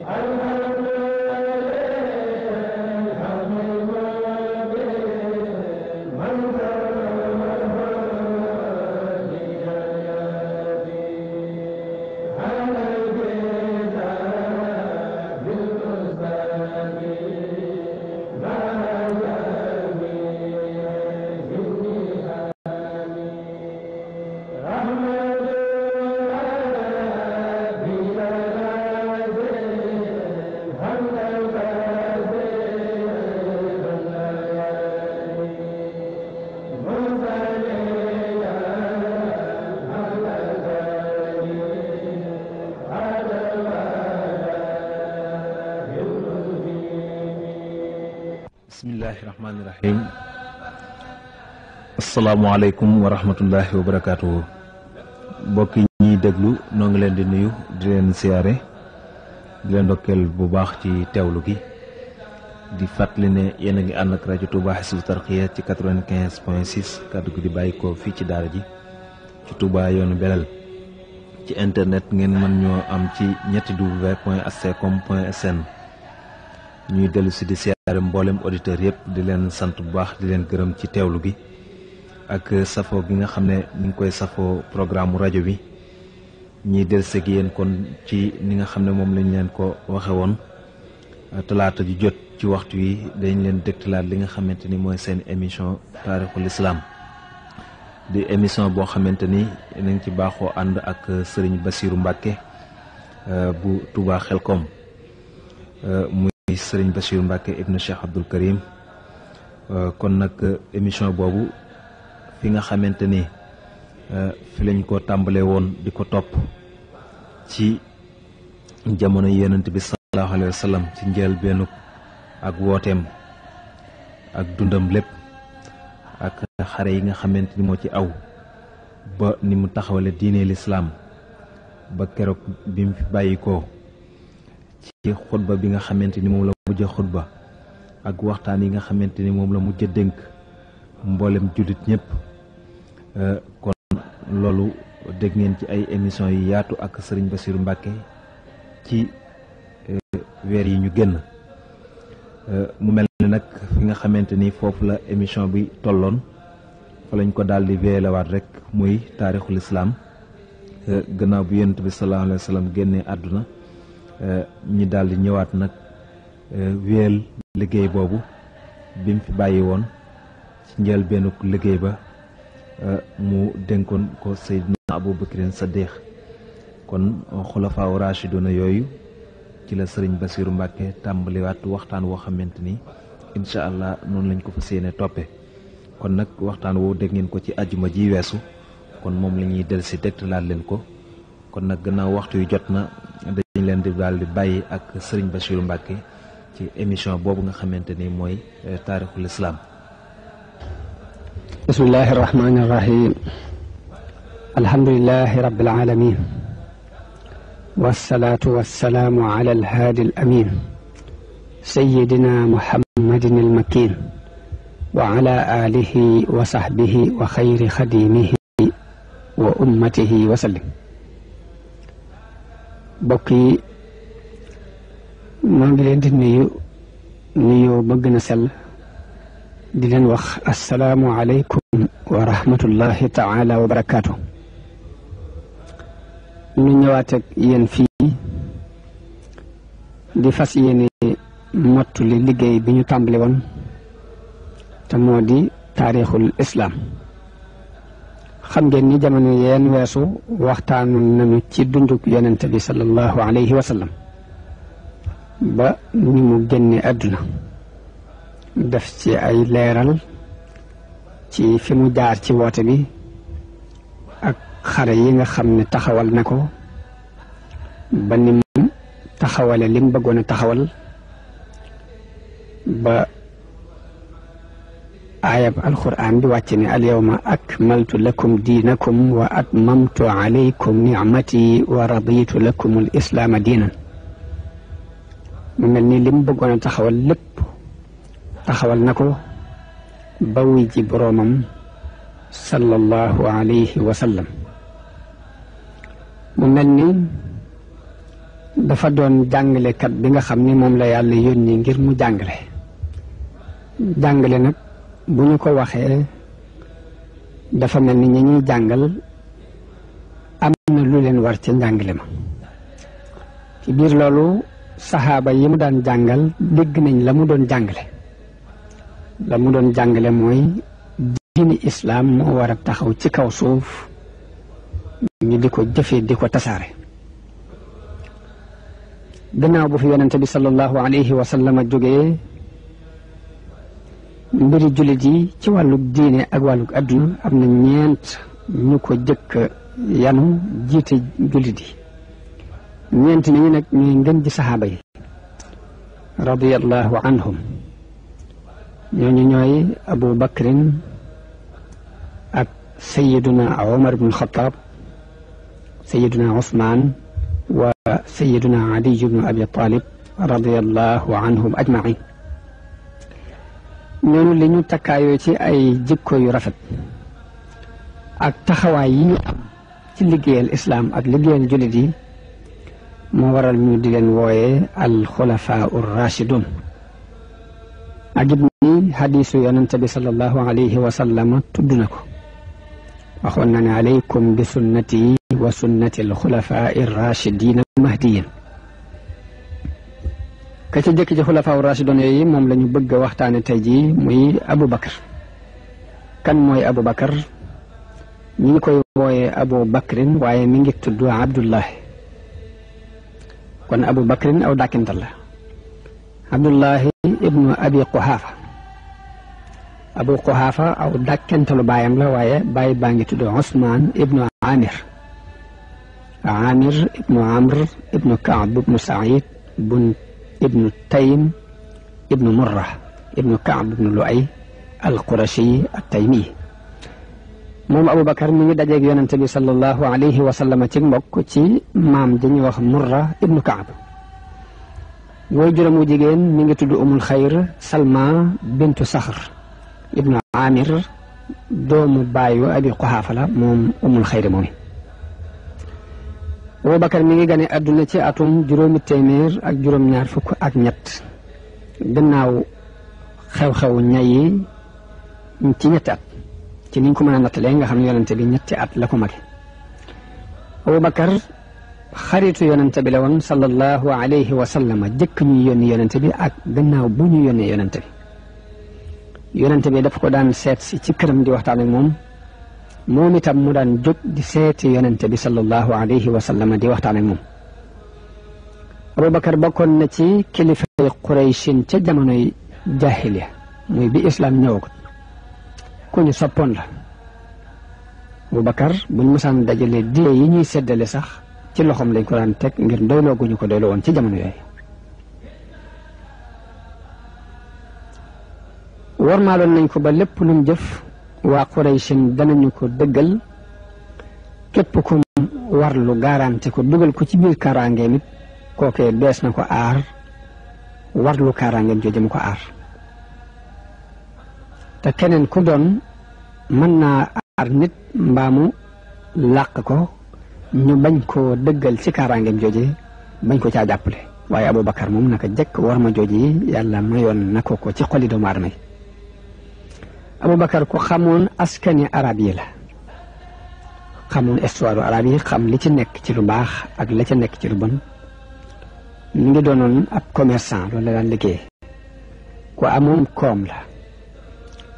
I Assalamualaikum warahmatullahi wabarakatuh. wa barakaatu mbokk yi ñuy déglu noo ngi leen di nuyu di leen siyaare di leen dokkel bu baax ci tewlu gi di fàttali ne yéen ngi ak radio Touba Tarqiya ci 95.6 kaddu di bayiko fi ci dara ji ci Touba yoonu belal ci internet ngeen man ñoo am ci ñetti point point sn ñuy delu ci di siaré mboolem auditeur yépp di leen sant bu baax di leen gërëm ci tewlu gi ak safo bi nga xamne ni ngui koy safo programme radio bi ñi del seg kon ci ni nga xamne mom lañ ko waxe won talata ju jot ci waxtu yi dañ leen dektalat li nga xamanteni moy mooy seen émission tarikhul islam di émission bo xamanteni nañ ci baxo and ak serigne basirou mbàkke euh, bu touba xelkom euh, muy serigne basirou mbàkke ibnu cheikh abdul karim euh, kon nak émission bobu fi nga xamanteni ni euh, fi lañ ko tambalé won di top ci jamono yonent bi sallallahu alaihi wasallam ci njël benn ak wotem ak dundam lepp ak xare yi nga xamanteni mo ci aw ba ni mu taxawale diine l'islam ba kérok bim fi bayiko ci khutba bi nga xamanteni mom la mujj khutba ak waxtaan yi nga xamanteni mom la mujjé denk mbollem ñepp kon loolu dégg ngeen ci ay émission yu yaatu ak sëriñ Bassirou Mbacke ci euh, weer yi ñu génn euh, mu mel ni nag fi nga xamante ni foofu la émission bi tolloon fa lañ ko daal di weelewaat rek muy taarixul islaam euh, gannaaw bu yonent bi sallallahu alayhi wa àdduna ñi daal ñëwaat nag wéel liggéey boobu bi fi bàyyi woon ci njëlbéenu liggéey ba Euh, mu dénkoon ko Seydina Aboubacrine Saddiq kon euh, xulafaaw rachiduna yooyu ci la sëriñ Basiiru Mbàkke tàmbaliwaat waxtaan woo xamante ni incha allah noonu lañ ko fa yéene toppe kon nag waxtaan woo dégg ngeen ko ci ajuma ji weesu kon moom lañuy ñuy del si dégtalaat leen ko kon nag gannaaw waxtu yu jot na dañ leen di daal di bàyyi ak sëriñ Basiiru Mbàkke ci émission boobu nga xamante ni mooy euh, taarixul islaam بسم الله الرحمن الرحيم الحمد لله رب العالمين والصلاة والسلام على الهادي الأمين سيدنا محمد المكين وعلى آله وصحبه وخير خديمه وأمته وسلم بكي ما نجي نيو نيو بغنا سل di leen wax asalaamualeykum wa rahmatullahi taala wa barakaatu. ñu ñëwaat ak fi fii di fas yéene mottuli liggéey bi ñu tàmbali woon te moo di taarixul islaam xam ngeen ni jamono yeen weesu waxtaanu nañu ci dunduk yonente bi sallallahu alayhi wa sallam ba ni mu génne àdduna def ci ay leeral ci fi mu jaar ci woote bi ak xare yi nga xam ne taxawal na ko ba ni mu taxawale li mu bëggoon a taxawal ba aayab alquran bi wàcc ne alyawma akmaltu lakum diinakum wa atmamtu alaykum nicmati wa raditu lakum alislaama diinan mu mel ni li mu bëggoon a taxawal lépp taxawal na ko ba wuy ji boroomam sallallahu alayhi wa sallam mu mel ni dafa doon jàngalekat bi nga xam ni moom la yàlla yónni ngir mu jàngale jàngale nag bu ñu ko waxee dafa mel ni ñi ñuy jàngal am na lu leen war ci njàngale ma ci biir loolu saxaaba yi mu daan jàngal dégg nañ la mu doon jàngale la mu doon jàngale mooy diini islaam moo war a taxaw ci kaw suuf ñu di ko jëfee di ko tasaare gannaaw bu fi yonente bi sallallahu alayhi wa sallam jógee mbiri jullit yi ci wàlluk diine ak wàlluk adduna am na ñeent ñu ko jëkk yanu jiite jullit yi ñeent nañu nag ñooy ngën ji saxaaba yi radiyallahu anhum ñooñu ñooy abu bakrin ak sayiduna omar bnu xataab sayiduna osmaan wa sayiduna adiyu bnu abi talib radiallahu anhum ajmain ñooñu li ñu takkaayoo ci ay jikko yu rafet ak taxawaay yi ñu am ci liggéeyal islaam ak liggéeyal jullit yi moo waral ñu di leen wooyee al xulafaa ur rachidun أجب لي حديث ينتبه صلى الله عليه وسلم تدنكو أخوانا عليكم بسنتي وسنة الخلفاء الراشدين المهديين كيف جاك الخلفاء الراشدون يي إيه؟ موم يبقى نيو بغا مي ابو بكر كان موي ابو بكر ني كوي ابو بكر واي ميغي تدو عبد الله كون ابو بكر او داكنت الله عبد الله ابن ابي قحافه ابو قحافه او دكنتو بايام لا واي باي بانغي تدو عثمان ابن عامر عامر ابن عمرو ابن كعب ابن سعيد بن ابن التيم ابن مره ابن كعب بن لؤي القرشي التيمي موم ابو بكر مي داجي يونس صلى الله عليه وسلم تي مبوك مام دي مره ابن كعب وجرمو جيجين ميغي تود ام الخير سلمى بنت صخر ابن عامر دوم بايو ابي قحافه لا موم ام الخير موم ابو بكر ميغي غاني ادنا تي اتوم جرومي تيمير اك جروم نيار فك اك نيت غناو خاو خاو نياي تي نيت ات تي نينكو مانا ناتلي nga xamni yonante bi ñetti at lako magge ابو بكر خريط يننتبه لون صلى الله عليه وسلم جك ني يننتبه اك غناو بو ني يوني يننتبه يننتبه داف كو دان سيت سي دي وقت عليك مومي تام مو دي سيت يننتبه صلى الله عليه وسلم دي وقت عليك ابو بكر بكون نتي كليفه قريش تي جامانوي جاهليه موي بي اسلام نيوك كوني سوبون لا ابو بكر بن مسان دجل دي يني سدالي صاح ci loxoom lañ ko daan teg ngir doyloo gu ñu ko doyloo woon ci jamono yooyu warmaaloon nañ ko ba lépp lu jëf waa Qurayshin danañu ko dëggal képp ku war lu garanti ko dugal ko ci biir kaaraangeem it kookee dees na ko aar warlu lu kaaraangeem jooju mu ko aar te keneen ku doon mën naa aar nit mbaamu làq ko ñu bañ koo dëggal ci kaaraangeem jooje bañ ko caa jàppale waaye Aboubacar moom naka jëkk war ma jooje yi yàlla mayoon na ko ci xoli doomu aadama yi Aboubacar ku xamoon askani arab yi la xamoon histoire arab yi xam li ci nekk ci lu baax ak la ci nekk ci lu bon mi ngi doonoon ab commerçant loolu la daan liggéey ku amoon koom la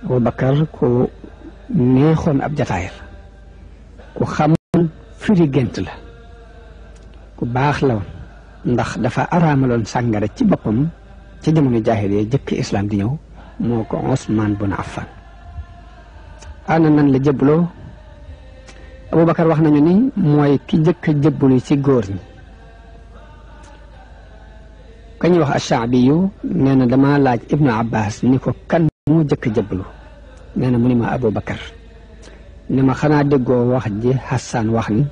Aboubacar ku neexoon ab jataayal ku xamoon firi gént la ku baax la woon ndax dafa araamaloon sàngara ci boppam ci jamono jaahil ya jëkk islam di ñëw moo ko Usmaan bun Affan ana nan la jëbbaloo Aboubacar wax nañu ni mooy ki jëkk a ci góor ñi ka ñuy wax Ashaabi yu nee laaj Ibnu Abbas ni ko kan moo jëkk a jëbbalu mu ni ma Aboubacar نما خنا دغو واحد حسان وحن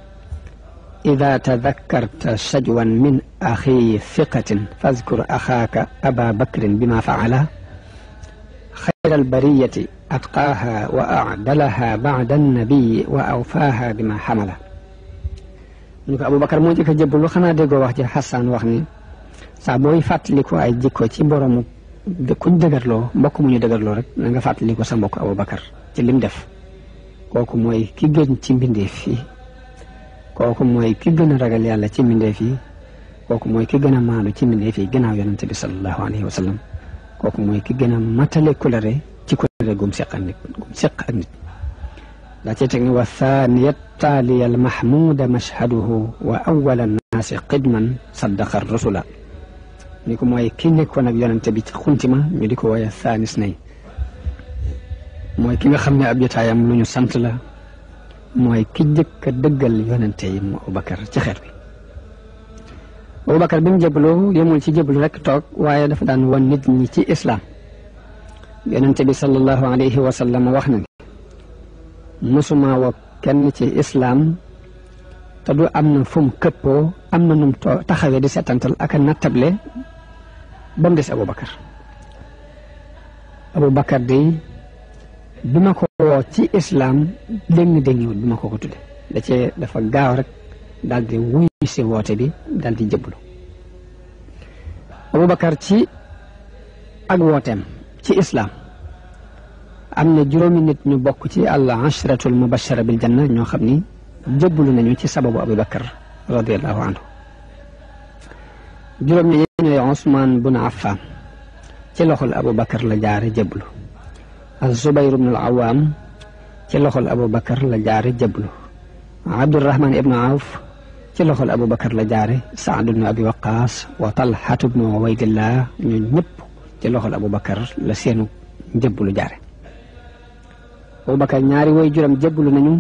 اذا تذكرت سجوا من اخي ثقه فاذكر اخاك ابا بكر بما فعل خير البريه اتقاها واعدلها بعد النبي واوفاها بما حمل نك ابو بكر مو ديك جيب لو خنا دغو واحد حسان وحن سا فاتلي كو اي ديكو تي بروم دكو دغرلو مبوكو مو ني دغرلو رك نغا فاتليكو سا مبوك ابو بكر تي ليم ديف kooku mooy ki gën ci mbindeef yi kooku mooy ki gën a ragal yàlla ci mbindeef fi kooku mooy ki gën a maandu ci mbindeef yi gannaaw yonent bi sallallahu alayhi wa sallam kooku mooy ki gën a matale kulare ci kulare gum seq ak nit gum seq ak nit daa cee wa thaniyat taaliyal mahmuda mashhaduhu wa awwala naasi xidman saddaqa rasula ni ko mooy ki nekkoon ak yonent bi ci xuntima ñu di ko wooye thaanis nay mooy ki nga xam ne ab jotaayam lu ñu sant la mooy ki jëkk a dëggal yonente yi mu Abubakar ci xeet bi Abubakar bi mu jëbaloo yemul ci jëbalu rek toog waaye dafa daan wan nit ñi ci islaam yonente bi sallallahu alayhi wa sallam wax na ni musuma wa kenn ci islaam te du am na fu këppoo am na nu mu taxawee di seetantal ak a nattable ba mu des Abubakar Abubakar di bi ma ko woo ci islaam déng déngiwul bi ko ko dafa gaaw rek daal di wuy si woote bi daal di jëblu Aboubacar ci ak wooteem ci islaam am na juróomi nit ñu bokk ci al ashratul mubashara bil janna ñoo xam ni jëblu nañu ci sababu Aboubacar radiallahu anhu juróom ñi ñooy Ousmane bun Affan ci loxol Aboubacar la jaare jëblu azubayr ibnul awaam ci loxol abu bakar la jaare jablu abdurahman ibnu awf ci loxol abu bakar la jaare saad ibnu abi waqaas wa talhat ibnu ubaydillah ñu ñëpp ci loxol abu bakar la seenu jablu jaare abu bakar ñaari way juram jablu nañu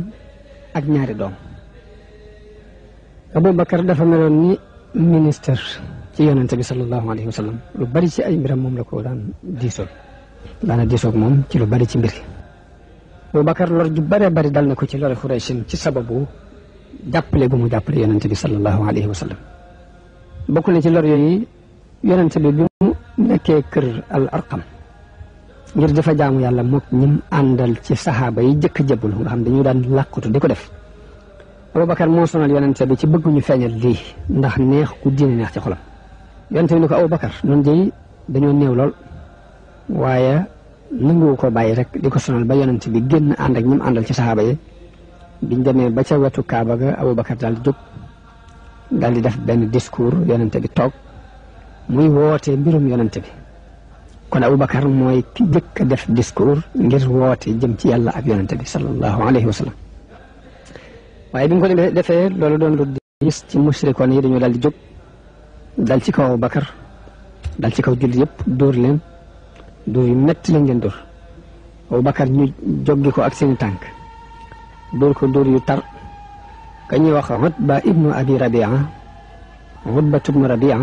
ak ñaari doom abu bakar dafa meloon ni ci yonente bi sallallahu alayhi bari ci ay mbiram moom la ko daan diisol daana disoog moom ci lu bari ci mbir Abubakar lor ju bëree bari dal na ko ci lori Xuraysin ci sababu jàppale gu mu jàppale yonente bi sallallahu alayhi wa sallam bokk na ci lor yooyu yonente bi bi mu nekkee kër al arqam ngir dafa jaamu yàlla mook ñim àndal ci saxaaba yi jëkk jëbul nga xam dañu daan làkkutu di ko def Abubakar moo sonal yonente bi ci bëgg ñu feeñal lii ndax neex ku diine neex ci xolam yonente bi ni ko Abubakar noonu jëy dañoo néew lool waaye nanguwu ko bàyyi rek di ko sonal ba yonent bi génn ànd ak ñi mu àndal ci saxaaba yi biñ demee ba ca wetu Kaaba ga Aboubacar daal di jóg daal di def benn discours yonent bi toog muy woote mbirum yonent bi kon Aboubacar mooy ki njëkk a def discours ngir woote jëm ci yàlla ak yonent bi sallallahu alayhi wa waaye bi mu ko defee loolu doon lu gis ci mushrikoon yi dañoo daal di jóg dal ci kaw Aboubacar dal ci kaw jullit yëpp dóor leen. dóor yu métti lañ leen dóor Aboubacar ñu joggi ko ak seeni tànk dóor ko dóor yu tar ka ñuy wax Utba ibnu Abi Rabia Utba ibnu Rabia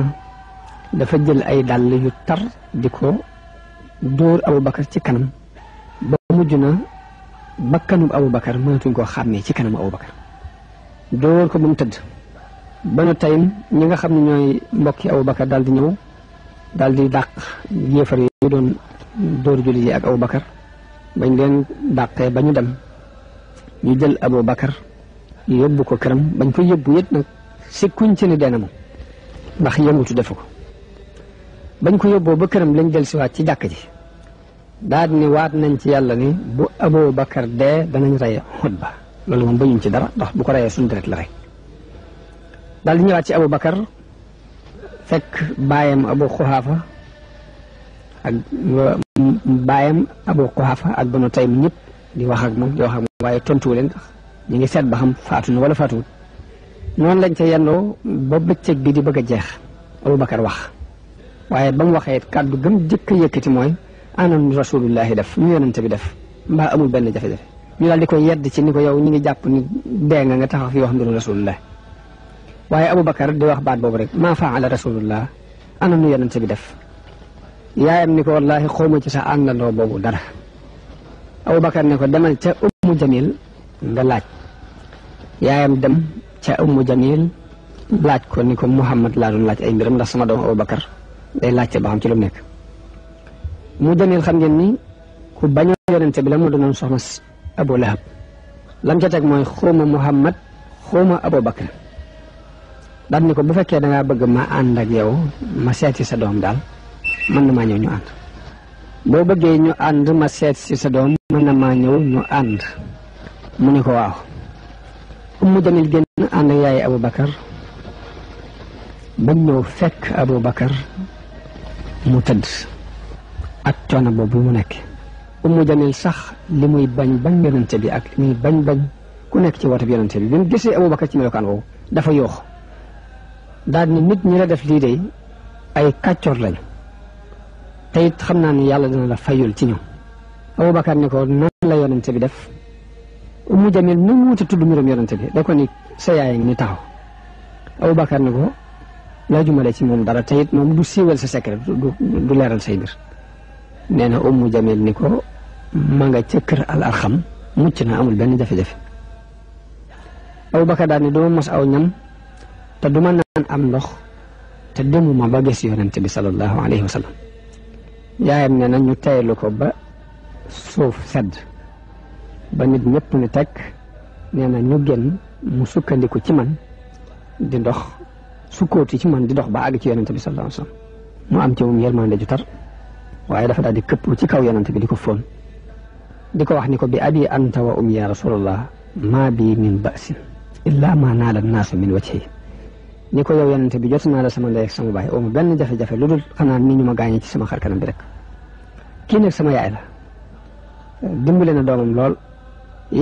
dafa jël ay dàll yu tar di ko dóor Aboubacar ci kanam ba mujj na bakkanu Aboubacar mënatuñ koo xàmmee ci kanam Aboubacar dóor ko ba mu tëdd banu tayim ñi nga xam ne ñooy mbokki Aboubacar daal di ñëw daal di dàq yéefar yi doon dóor jullit yi ak Abu Bakar bañ leen dàqee ba ñu dem ñu jël Abu Bakar yóbbu ko këram bañ ko yóbbu yët nag sikkuñ ci ne dee na mu ndax yëngutu defu ko bañ ko yóbboo ba këram lañ jël siwaat ci jàkk ji daal ni waat nañ ci yàlla ni bu Abu Bakar dee danañ rey ba loolu moom bañuñ ci dara ndax bu ko reyee suñu deret la rek daal di ñëwaat ci Abu Bakar fekk baayam abu xuhaafa ak baayam abu xuhaafa ak banu taym ñëpp di wax ak moom di wax ak waaye tontuwu leen ndax ñu ngi seet ba xam faatu na wala faatuwul noonu lañ ca yendoo ba bëccëg bi di bëgg a jeex abubakar wax waaye ba mu waxee kàddu gëm jëkk a yëkkati mooy anam rasulullahi def ñu yonente bi def mbaa amul benn jafe-jafe ñu daal di koy yedd ci ni ko yow ñu ngi jàpp ni dee nga nga taxaw fi wax mbiru rasulullah waaye abu Aboubacar di wax baat boobu rek maa faala rasulullah ana nu yonent bi def yaayam ni ko wallaahi xawma ci sa àndandoo boobu dara Aboubacar ne ko demal ca ummu jamil nga laaj yaayam dem ca ummu jamil laaj ko ni ko Muhammad laa doon laaj ay mbiram ndax sama doom Aboubacar day laajte ba xam ci lu mu nekk mu jamil xam ngeen ni ku bañoo yonent bi la mu doonoon soxna Abu Lahab lam ca teg mooy xawma Muhammad xawma Aboubacar daan ni ko bu fekkee dangaa bëgg ma ànd ak yow ma seet sa doom daal mën na maa ñëw ñu ànd boo bëggee ñu ànd ma seet si sa doom mën na maa ñëw ñu ànd mu ni ko waaw ummu jamil génn ànd ak yaay abou bañ ñëw fekk abou bakar mu tëdd ak coono boobu mu nekk ummu jamil sax li muy bañ bañ yonente bi ak li bañ bañ ku nekk ci woto bi yonente bi bi mu gisee abou bakar ci melokaan woowu dafa yoox daal ni nit ñi la def lii de ay kàccoor lañ te it xam naa ni yàlla dina la fayul ci ñoom Abubakar ni ko nan la yonente bi def Umu Jamil nu mu wuti tudd mbirum yonente bi da ko ni sa yaay ngi ni taxaw Abubakar ni ko laa jumale ci moom dara te it moom du siiwal sa secret du leeral say mbir nee na Umu Jamil ni ko ma nga ca kër alxam mucc na amul benn jafe-jafe Abubakar daal ni dama mos aw ñam te du naan am ndox te demuma ba gis yonent bi sallallahu alayhi wa sallam yaayam ne na ñu taylu ko ba suuf sedd ba nit ñëpp ni takk ne na ñu génn mu sukkandiku ci man di ndox sukkooti ci man di dox ba àgg ci yonent bi sallallahu alayhi mu am ci moom yërmande ju tar waaye dafa daal di këpp ci kaw yonent bi di ko fóon di ko wax ni ko bi abi anta wa um ya rasulallah maa bi min ba'sin illaa maa naala naasu min wajhi ni ko yow yonente bi jot naa la sama ndey ak sama baay amu benn jafe-jafe lu dul xanaa ni ñu ma gaañee ci sama xar kanam bi rek kii nag sama yaay la dimbale na doomam lool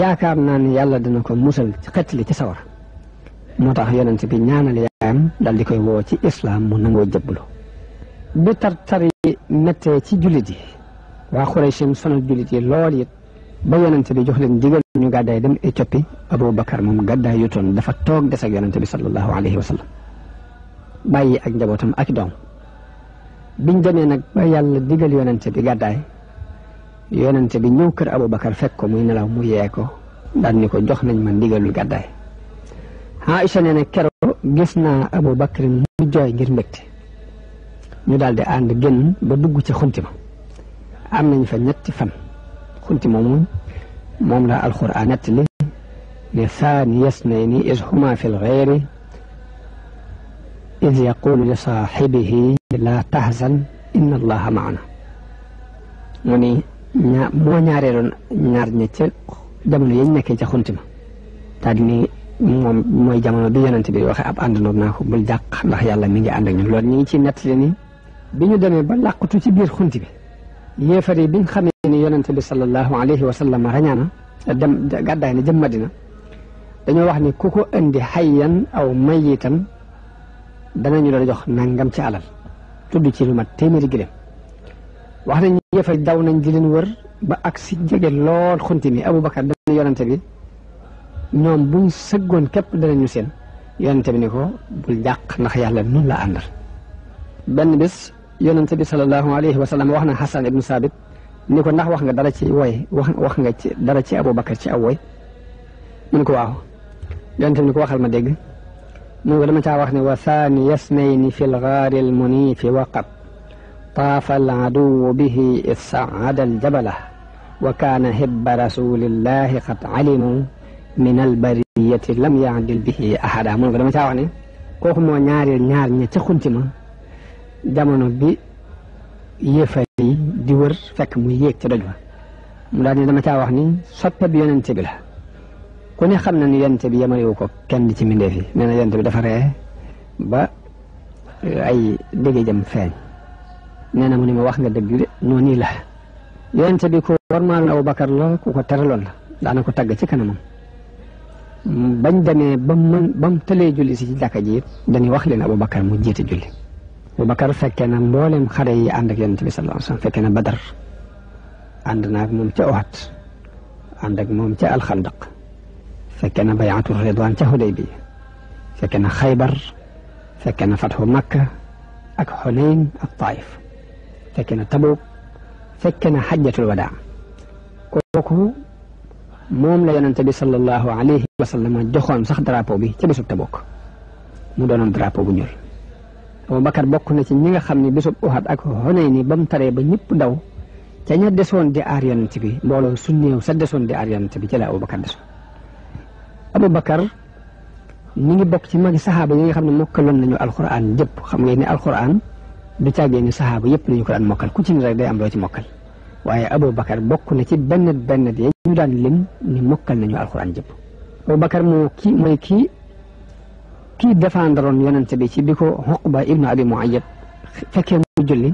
yaakaar naa ni yàlla dina ko musal ci xettali ci sawar moo tax yonente bi ñaanal yaayam dal di koy woo ci islaam mu nangoo jëblu bi tartari méttee ci jullit yi waa Xuraysim sonal jullit yi lool it ba yonente bi jox leen digal ñu gàddaay dem Éthiopie Aboubacar moom gàddaay yutoon dafa toog des ak yonente bi sallallahu alayhi wa sallam bàyyi ak njabootam ak doom biñ demee nag ba yàlla digal yonente bi gàddaay yonente bi ñëw kër Aboubacar fekk ko muy nelaw mu yee ko daan ni ko jox nañ ma ndigalul gàddaay Aïcha nee na kero gis naa Aboubacar mu jooy ngir mbégte ñu daal di ànd génn ba dugg ci xunti am nañ fa ñetti fan xunti moomu moom la alxuraan nett li ne saani ni is huma fil xeeri إذ يقول لصاحبه لا تحزن إن الله معنا يعني مو نياري رون نيار نيت جامن يي نكي تي خونتما تادني موم موي جامن بي يونت بي واخا اب اند نوب ناكو بل داق الله يالا ميغي اند ني لول نيغي تي نتلي ني بينو دامي با لاقتو تي بير خونتي بي يفري بين خامي ني يونت بي صلى الله عليه وسلم رانانا دم غداي ني جام مدينه دانيو كوكو اندي حيان او ميتان dana ñu la jox nangam ci alal tudd ci lu mat téeméeri gëléem wax nañ ñi fa daw nañ di leen wër ba ak si jege lool xunti mi Aboubacar dana yonante bi ñoom buñ sëggoon képp danañu seen yonante bi ni ko bul jàq ndax yàlla nun la àndal benn bis yonante bi sallallahu alayhi wa sallam wax na Hassan ibnu Sabit ni ko ndax wax nga dara ci woy wax nga ci dara ci Aboubacar ci aw woy mun ko waaw yonante bi ni ko waxal ma dégg نقول ما تعرفنا وثاني اثنين في الغار المنيف وقب طاف العدو به إذ صعد الجبلة وكان هب رسول الله قد علموا من البرية لم يعدل به أحدا من غير ما تعرفني كوخ مو نياري نيار ني تي ما جامونو بي يفري ديور فك مو ييك تي دجوا مولاني دا ما تعرفني صوب بي يونتي بلا ku ne xam na ni yonent bi yemalewu ko kenn ci mbindéef yi nee na yonent bi dafa ree ba ay dégg jëm feeñ nee na mu ne ma wax nga dëgg de noonu la yonent bi ku warmaal Abubakar la ku ko teraloon la daana ko tagg ci kanamam bañ demee ba mën ba mu tëlee julli si ci jàkka ji it dañuy wax leen Abubakar mu jiite julli Abubakar fekkee na mboolem xare yi ànd ak yonent bi sallallahu alayhi wasallam fekkee na Badar ànd naa ak moom ca Uhud ànd ak moom ca Alxandaq سكن بيعة الرضوان تهديبية سكن خيبر سكن فتح مكة أك حنين الطائف سكن تبوك سكن حجة الوداع كوكو موم لين النبي صلى الله عليه وسلم جخون سخ درابو بي تبسو تبوك مدون درابو بنيول أبو بكر بوكو نتي نيغا خمني بسو أحد أك حنين بمتري بنيب دو تنيا دسون دي آريان تبي بولو سنيو سدسون دي آريان تبي جلا أبو بكر دسون Aboubacar mi ngi bokk ci magi saxaaba yi nga xam ne mokkaloon nañu alxuraan jëpp xam ngeen ne alxuraan du caagee ni saxaaba yëpp nañu ko daan mokkal ku ci ni rek day am loo ci mokkal waaye Aboubacar bokk na ci benn benn ya ñu daan lim ni mokkal nañu alxuraan jëpp. Aboubacar moo ki mooy kii kii défendroon yonente bi ci bi ko Uqba ibnu Abi Muayyad fekkee mu julli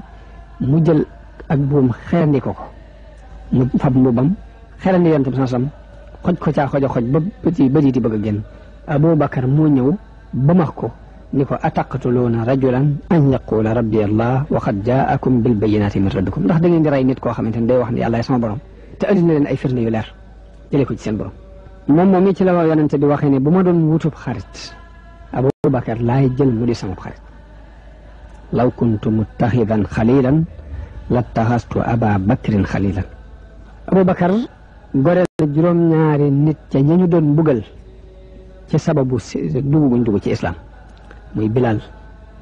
mu jël ak buum xeerandi ko ko mu fab mbubbam xeerandi yonente bi xoj ko ca xoj a xoj ba bëti bëti di bëgg a génn abou bakar moo ñëw ba max ko ni ko ataqtuluuna rajulan an yaqula rabbi allah wa qad jaakum bil bayinati min rabbikum ndax da ngeen di ray nit koo xamante ne day wax ni yàlla sama borom te andi leen ay firne yu leer jëlee ko ci seen borom moom moom ci la ma yonente bi waxee ne bu ma doon wutub xarit abou bakar laay jël mu di sama xarit law kuntu muttaxidan xalilan taxastu aba bakrin xalilan abou bakar goreel juróom-ñaari nit ca ñañu doon mbugal ci sababu dugg guñ dugg ci islaam muy Bilal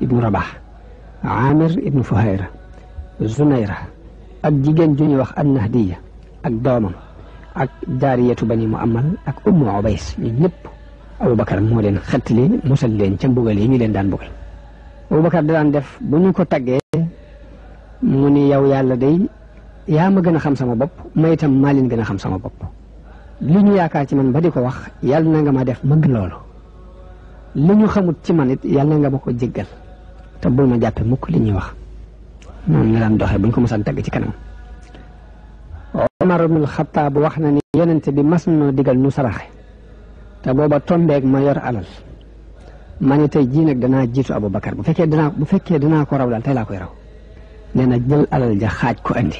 ibnu Rabah Amir ibnu Fuhayra Zunayra ak jigéen ju ñuy wax Annahdiya ak doomam ak jaariyatu bani Muammal ak Ummu Ubays ñu ñëpp Aboubacar moo leen xettali musal leen ca mbugal yi ñu leen daan mbugal Aboubacar da def bu ñu ko taggee mu ni yow yàlla day yaa ma gën a xam sama bopp ma itam maa leen gën a xam sama bopp li ñu yaakaar ci man ba di ko wax yàlla na nga ma def mëgg loolu li ñu xamut ci man it yàlla na nga ma ko jéggal te bul ma jàppe mukk li ñuy wax noonu la daan doxee buñ ko mosaan tagg ci kanam Omar ibnul Xattaab wax na ni yonente bi mas noo digal nu saraxe te booba tombeeg ma yor alal ma ne tey jii nag danaa jiitu Abubakar bu fekkee danaa bu fekkee danaa ko raw daal tey laa koy raw nee na jël alal xaaj ko andi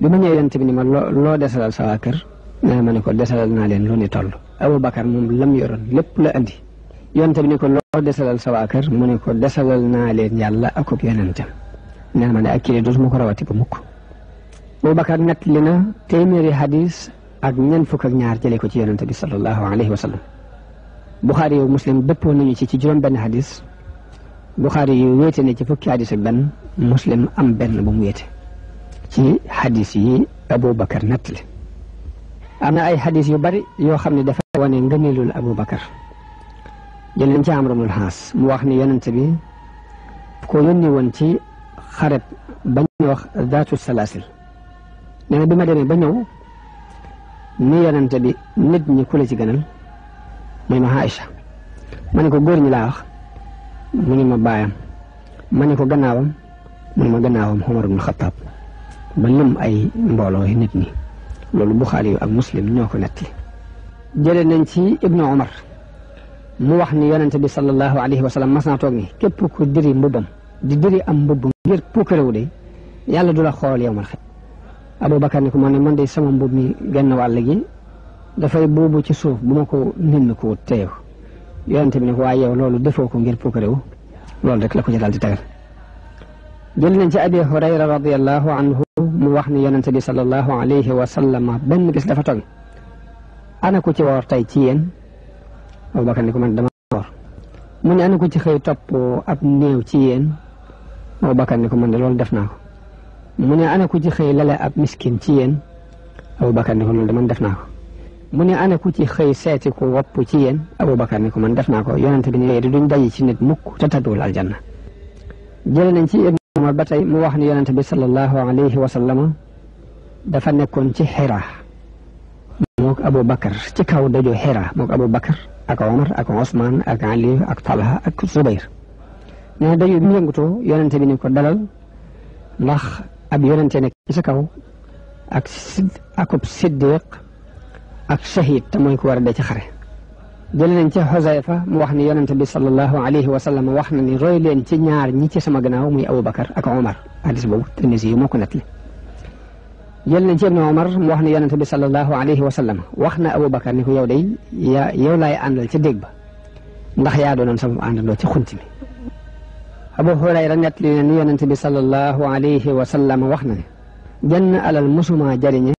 bi ma ñëwee yonent bi ni ma loo loo desalal sa waa kër ma ne ko desalal naa leen lu ni toll Aboubacar moom lam yoroon lépp la andi yonent bi ni ko loo desalal sa waa kër mu ne ko desalal naa leen yàlla akub yonentam nee na ma ne ak kii dootuma ko rawati ba mukk Aboubacar nett li na téeméeri hadis ak ñeent fukk ak ñaar jëlee ko ci yonent bi sallallahu alayhi wa sallam Buxaari yow muslim dëppoo nañu ci ci juróom benn hadis Buxaari yu wéete ne ci fukki hadis ak benn muslim am benn bu mu wéete ci xadis yi aboubacar nattali am na ay xadis yu bari yo xamni dafa wone ngeenelul abou jël nañ ci amru ibnul has mu wax ni yonent bi ko yoni won ci xareb bañ wax zatu salasil nee bima bi ba ñëw ni yonent bi nit ñi ku la ci gënal muy ma aisha mané ko gor ñi la wax mu ni ma bayam mané ko gannaawam mu ma gannaawam Umar ibnul Xattaab ba lim ay mbooloo yi nit ñi loolu buxaari yu ak muslim ñoo ko nettali jëlee nañ ci ibnu umar mu wax ni yonente bi sallallahu alayhi wa sallam mas naa toog ni képp ku diri mbubbam di diri am mbubb ngir puukarewu de yàlla du la xool yow mal xe aboubacar ni ko man ne man de sama mbub mi genn wàll gi dafay buubu ci suuf bu ma ko nin ko teew yonente bi ne ko waaye yow loolu defoo ko ngir puukarewu loolu rek la ko ci di tegal جلنا جاء أبي هريرة رضي الله عنه موحني ينتدي صلى الله عليه وسلم بن قسل فتن أنا كنت وارتيتين أو بكر نكو من دمار من أنا كنت خير طب أبني وتين أو بكر نكو من دلول دفناه من أنا كنت خير للا أب مسكين تين أو بكر نكو من دمان دفناه من أنا كنت خير وابو تين أو بكر نكو من دفناه ينتبني لدن داي تنت مك تتدول الجنة جلنا نتي mooy ba tey mu wax ni yonente bi sallallahu alayhi wa sallam dafa nekkoon ci xira mook abou bakar ci kaw daju xira mook abou bakar ak omar ak osman ak ali ak talha ak zubair nee na daju bi yëngutoo yonente bi ni ko dalal ndax ab yonente nekk ci sa kaw ak sid akub siddiq ak shahid te mooy ko war a dee ci xare jëlnañ ci xosayfa mu wax ni yonente bi salallahu alayhi wa sallam wax na ni roy leen ci ñaar ñi ci sama gannaaw muy aboubacar ak omar hadis boobu tennisi yu moo ko nettali jël nañ ci ibnu mu wax ne yonente bi salallahu alayhi wa sallam wax na aboubacar ni ko yow day yow laay àndal ci dégg ba ndax yaa doonoon sama àndandoo ci xunt mi abu hurayra nettali ne ni yonente bi salallahu alayhi wa sallam wax na ne jënn alal musuma jariñe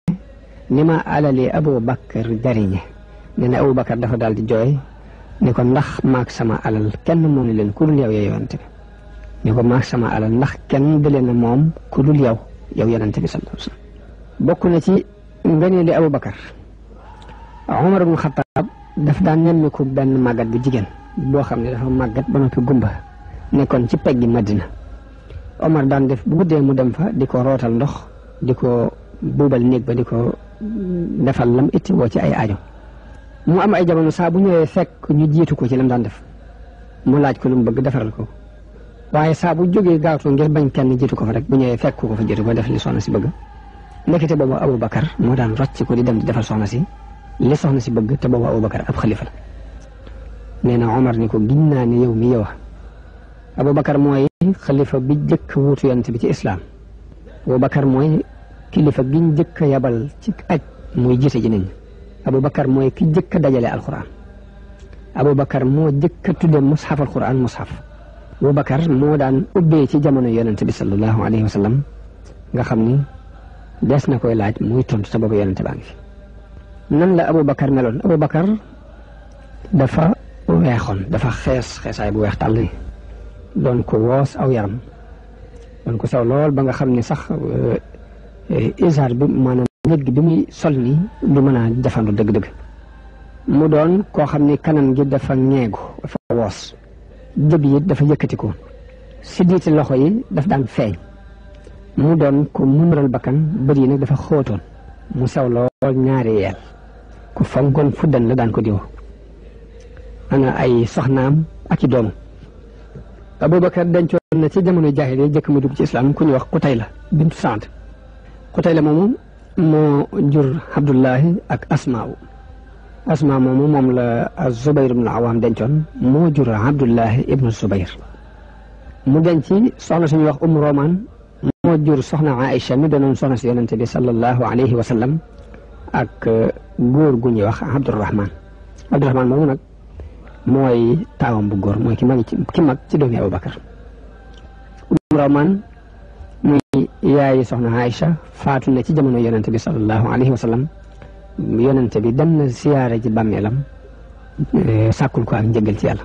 nima ma Abu aboubacar jariñe nee na Aboubacar dafa daal di jooy ne ko ndax maag sama alal kenn moomu leen ku dul yow ya bi ni ko maag sama alal ndax kenn di leen moom ku dul yow yow yonante bi sallallahu alayhi wasallam bokk na ci ngëneeli Aboubacar Omar ibn Xataab daf daan nemmiku benn màggat bu jigéen boo xam ne dafa màggat ba noppi gumba kon ci peggi Madina Omar daan def bu guddee mu dem fa di ko rootal ndox di ko buubal néeg ba di ko defal lam itti woo ci ay aajo mu am ay jamono saa bu ñëwee fekk ñu jiitu ko ci lam daan def mu laaj ko lu mu bëgg defaral ko waaye saa bu jógee gaawtoo ngir bañ kenn jiitu ko fa rek bu ñëwee fekk ko fa jiitu ko def li soxna si bëgg nekkite boobu Aboubacar moo daan rocc ko di dem di defal soxna si li soxna si bëgg te boobu Aboubacar ab xalifa la nee na Omar ni ko giñ ni yow mi yow abou Aboubacar mooy xalifa bi jëkk wuutu yonent bi ci islam abou Aboubacar mooy kilifa giñ jëkk yabal ci aj muy jiite ji nit Aboubacar mooy ki jëkk a dajale alquran Aboubacar moo jëkk a tudde mushaf alquran mushaf Aboubacar moo daan ubbee ci jamono yonente bi صلى الله عليه وسلم nga xam ni des na koy laaj muy tontu te boobu yonente baa ngi nan la Aboubacar meloon dafa weexoon dafa xees xeesaay bu weex tàll doon ko woos aw yaram doon ko saw lool ba nga xam ni sax isar bi maanaam nit gi bi muy sol ni du mën a jafandu dëgg-dëgg mu doon koo xam ni kanam gi dafa ñeegu dafa woos jëb yi dafa yëkkatiku si loxo yi daf daan feeñ mu doon ku munural bakkan bët yi nag dafa xootoon mu sew lool ñaari yeel ku fonkoon fuddan la daan ko diw na ay soxnaam ak i doom Abubakar dencoon na ci jamono jaahiliya jëkk mu dugg ci islam ku ñuy wax Qutayla bintu Saad Qutayla moomu moo jur Abdullahi ak Asmaaw Asmaa moomu moom la Zubayr ibnu Awaam dencoon moo jur Abdullahi ibnu Zubayr mu denc soxna suñuy wax Umm Roman moo jur soxna Aïcha mi doonoon soxna si yonente bi sallallahu alayhi wa sallam ak góor gu ñuy wax Abdurahman Abdurahman moomu nag mooy taawam bu góor mooy ki mag ci ki mag ci doomi Abubakar Umm Roman مي يا سخنا عائشة فاتل لتي جمانو يننت بي صلى الله عليه وسلم يننت بي دن سيارة جي باميلم ساكل كو عم جنجل تيال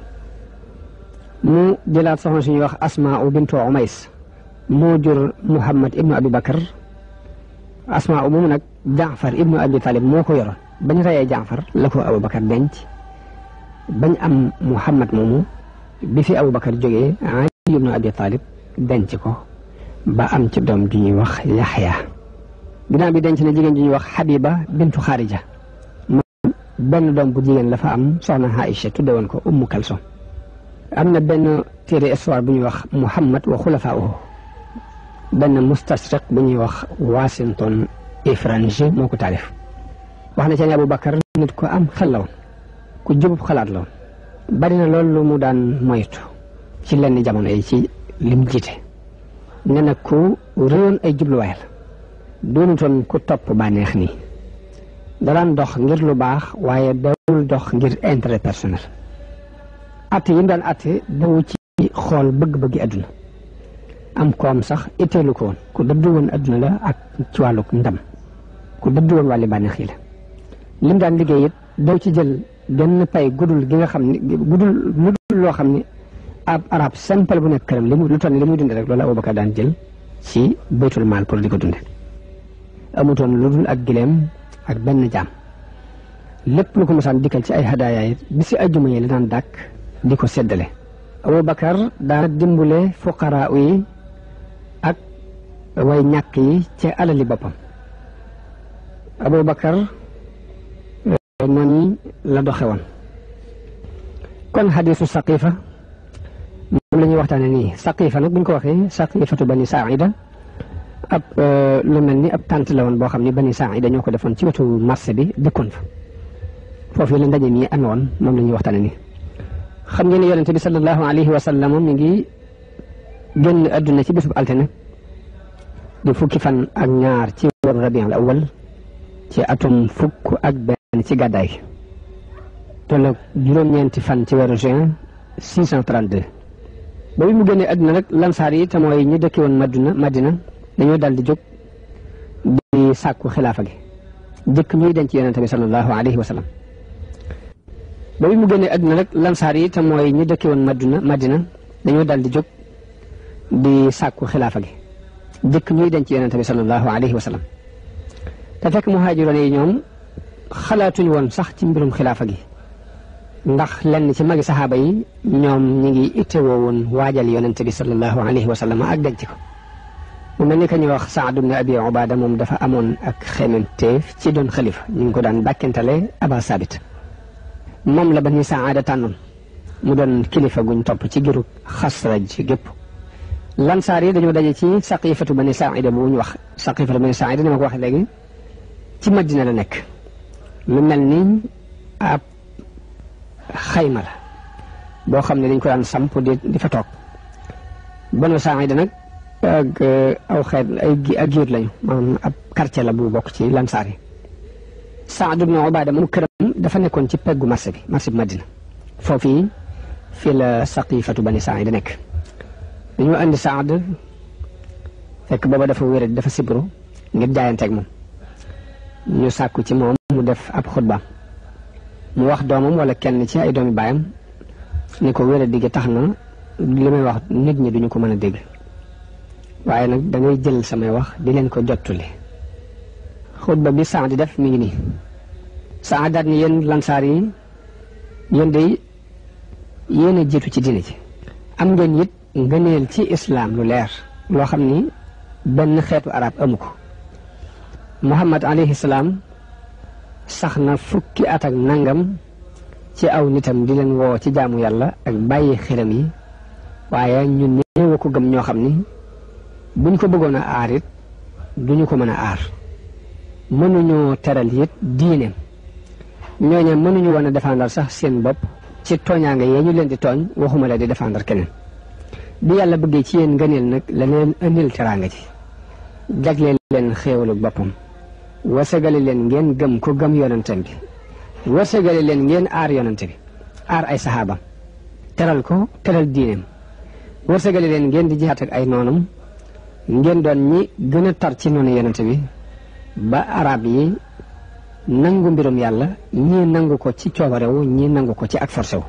مو جلال سخنا شيني وخ أسماء بنت عميس موجر محمد ابن أبي بكر أسماء مومنك جعفر ابن أبي طالب مو خيرا بن رأي جعفر لكو أبو بكر بنت بن أم محمد مومو بفي أبو بكر جوي علي ابن أبي طالب بنتكو ba am ci doom ju ñuy wax yaxya ginnaaw bi denc na jigéen ju ñuy wax xabiba bintu xaarija moom benn doom bu jigéen la fa am soxna Aïcha tudde woon ko ummu kalsom am na benn téere histoire bu ñuy wax muhammad wa xulafaa'uhu benn mustashriq bu ñuy wax washington ifranji moo ko taalif wax na ci ne abubakar nit ku am xel la woon ku jubub xalaat la woon bari na loolu lu mu daan moytu ci lenn jamono yi ci lim jiite ne nag ku réyoon ay jubluwaay la doonutoon ku topp bànneex nii daan dox ngir lu baax waaye dawul dox ngir intérêt personnel atte yi mu daan atte dawu ci xool bëgg-bëggi adduna am koom sax itteelu ko woon ku dëddu woon adduna la ak ci wàllu ndam ku dëddu woon wàlli bànneex yi la lim daan liggéey it daw ci jël genn pay gudul gi nga xam ne gudul loo xam ne arab simple bu nekk këram li mu lu toll li muy dundee rek loolu Abubakar daan jël ci baytul maal pour di ko dundee amutoon lu dul ak gileem ak benn jaam lépp lu ko mosaan dikkal ci ay hadaaya yi bi si ajjuma yi la daan dàkk di ko seddale Abubakar daana dimbule fuqaraa yi ak way ñàkk yi ci alali boppam Abubakar noonu la doxe kon hadiisu saqiifa mom lañuy waxtane ni saqifa nak buñ bu ñu ko waxee bani sa'ida ab eh, lu melni ab tante la woon boo ni bani sa'ida ñoko defon ci wetu marché bi dëkkoon fa fofu la ndaje mi amee woon moom la ñuy waxtaane xam ngeen yaronte bi sallallahu alayhi wa sallam mi ngi genn aduna ci bisub fukki fan ak ñaar ci weeru rabi' al awal ci atum fukk ak ben ci gaday tolok juroom ñenti fan ci weeru juin 632 ba bi mu génnee àdduna nag lansaar yi te mooy ñi dëkke woon madina madina dañoo dal di jóg di xilaafa gi jëkk ñuy denc yonente bi sallallahu alayhi wa sallam ba bi mu génnee àdduna nag lansaar yi te mooy ñi dëkke woon madina madina dañoo dal di jóg di sàkku xilaafa gi jëkk ñuy denc yonente bi sallallahu alayhi wa sallam te fekk muhaajiroon yi ñoom xalaatuñu woon sax ci mbirum xilaafa gi ndax lan lenn ci magi saxaaba yi ñoom ñi ngi ittewoo woon waajal yonent bi sallallahu alayhi wa ak denc mu mel ni ka ñuy wax Saad ibn Abi Ubaada moom dafa amoon ak xememteef ci doon xalifa ñu ngi ko daan bàkkentale Aba Sabit moom la Bani Saada tànnoon mu doon kilifa guñ topp ci giru Xasraj gépp lan yi dañoo daje ci saqifatu Bani Saada bu ñu wax saqifatu Bani Saada ni ma ko waxee léegi ci Madina la nekk lu mel ni ab xayma la boo xam ne dañ ko daan samp di di fa toog banu Saayida nag ak euh, aw xeet ay ak giir lañu maanaam ab quartier la bu bokk ci lansaar yi Saad ibn Ubaada moom këram dafa nekkoon ci peggu marché bi marché bi Madina foofii fii la saqifatu bani Saayida nekk dañoo andi Saad fekk booba dafa wérat dafa sibru ngir jaayanteeg moom ñu sàkku ci moom mu def ab xutbaam mu wax doomam wala kenn ci ay doomi baayam ni ko wér digg tax na li may wax nit ñi duñu ko mën a dégg waaye nag dangay jël samay wax di leen ko jottuli xutba bi Saad di def mi ngi nii Saad daat ni yéen lansaar yi yéen day yéen a jiitu ci diine ji am ngeen it ngëneel ci islaam lu leer loo xam ni benn xeetu arab amu ko Muhammad salaam sax na fukki at ak nangam ci aw nitam di leen woo ci jaamu yàlla ak bàyyi xelam yi waaye ñu néew ko gëm ñoo xam ni buñ ko bëggoon a aar it duñu ko mën a aar mënuñoo teral it diine ñooñu mënuñu woon a défendre sax seen bopp ci tooñaange yee ñu leen di tooñ waxuma la di défendre keneen bi yàlla bëggee ci yéen ngëneel nag la leen indil teraanga ci jagleel leen xéewalug boppam wërsëgale leen ngeen gëm ko gëm yonantam bi wërsëgale leen ngeen aar yonante bi aar ay saxaabam teral ko teral diineem wërsëgale leen ngeen di jihaat ay noonam ngeen doon ñi gën a tar ci noonu yonante bi ba arab yi nangu mbirum yàlla ñii nangu ko ci coobarewu ñii nangu ko ci ak forcé wu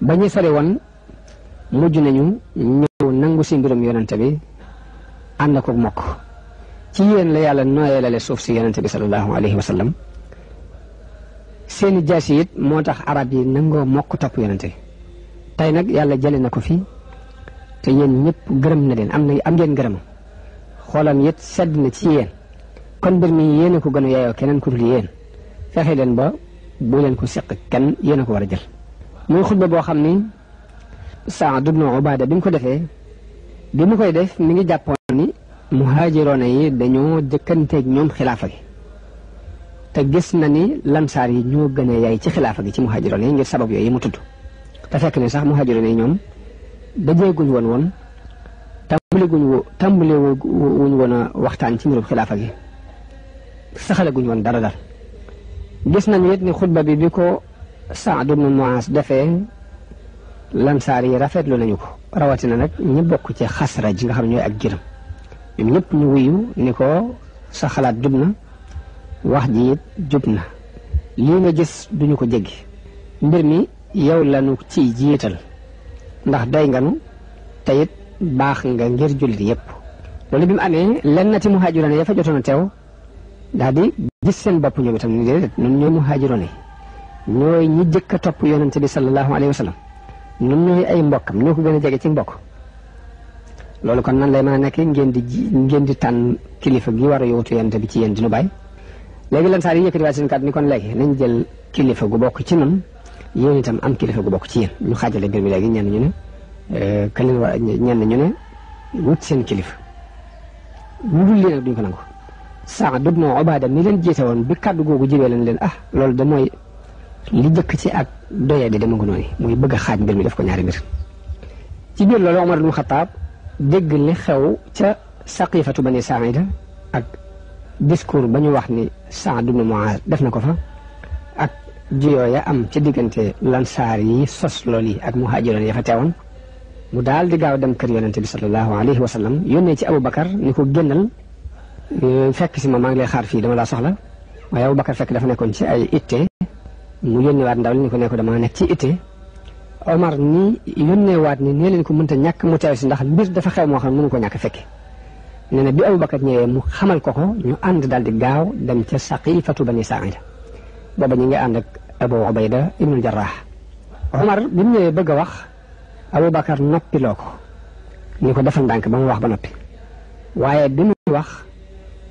ba ñu sori woon mujj nañu ñëw nangu si mbirum yonante bi ànd ko mokk ci yéen la yàlla nooyelale suuf si yonente bi sallallahu alayhi wa sallam seeni jaas yi moo tax arab yi nangoo mokk topp yonente bi tey nag yàlla jële na ko fi te yéen ñëpp gërëm na leen am na am ngeen gërëm xoolam it sedd na ci yéen kon mbir mi yéen ko gën a yaayoo keneen ku dul yéen fexe leen ba bu leen ko seq kenn yéen ko war a jël muy xutba boo xam ni Saad ibn Ubaada bi mu ko defee bi mu koy def mi ngi jàppoon ni muhaajiroona yi dañoo jëkkanteeg ñoom xilaafa gi te gis na ni lansaar yi ñoo gën a yaay ci xilaafa gi ci muhaajiroona yi ngir sabab yooyu mu tudd te fekk ne sax muhaajiroona yi ñoom dajeeguñ woon woon tàmbaliguñ tàmbali wuñ woon a waxtaan ci mbirum xilaafa gi saxalaguñ woon dara dara gis nañu it ni xutba bi bi ko Saad ibnu Muaas defee lansaar yi rafetlu nañu ko rawatina nag ñi bokk ci xasra ji nga xam ñooy ak jërëm ñoom ñëpp ñu wuyu ni ko sa xalaat jub na wax ji it jub na lii nga gis duñu ko jéggi mbir mi yow lanu ci jiital ndax doy nganu te it baax nga ngir jullit yépp loolu bi mu amee lenn nati muhaajiroon ya fa jotoon a teew daal di gis seen bopp ñoom itam ni déedéet nun ñooy muhaajiroon yi ñooy ñi jëkk a topp yonente bi sallallahu alayhi wa sallam nun ñooy ay mbokkam ñoo ko gën a jege ci mbokk loolu kon nan lay mën a nekkee ngeen di ji ngeen di tànn kilifa gi war a yowtu yonent bi ci yéen di nu bàyyi léegi lan saa yi yëkkati waa seen kat ni kon léegi nañ jël kilifa gu bokk ci nun yéen tam am kilifa gu bokk ci yéen ñu xaajale mbir mi léegi ñenn ñu ne euh, ka leen war ñenn ñu ne wut seen kilifa lu dul leen duñ ko nangu sax dub na obaada ni leen jiite woon bi kàddu googu jibee leen leen ah loolu da mooy li jëkk ci ak doyee di dama ngu noonu muy bëgg xaaj mbir mi def ko ñaari mbir ci dégg li xew ca saqifatu bani saida ak discours ba wax ni Saad ibn Muaz def na ko fa ak juyoo ya am ci diggante lansaar yi sos lool yi ak muhaajiroon ya fa teewoon mu daal di gaaw dem kër yonente bi sallallahu alayhi wa sallam yónnee ci Aboubacar ni ko génnal euh, fekk si ma maa lay xaar fii dama laa soxla waaye Aboubacar fekk dafa nekkoon ci ay itte mu yónni waat ndaw li ni ko nekk damaa nekk ci itte Omar nii yónnee ni nee leen ko mënta ñàkk mu teew si ndax mbir dafa xew moo xam ne mënu ko ñàkk fekke nee na bi Abubakar ñëwee mu xamal ko ko ñu ànd daal di gaaw dem ca Bani booba ñu ngi ànd ak Abu Ubayda ibnul Jarraax ah. Omar bi mu ñëwee bëgg a wax Abubakar noppiloo ko ni ko defal ndànk ba mu wax ba noppi waaye bi mu wax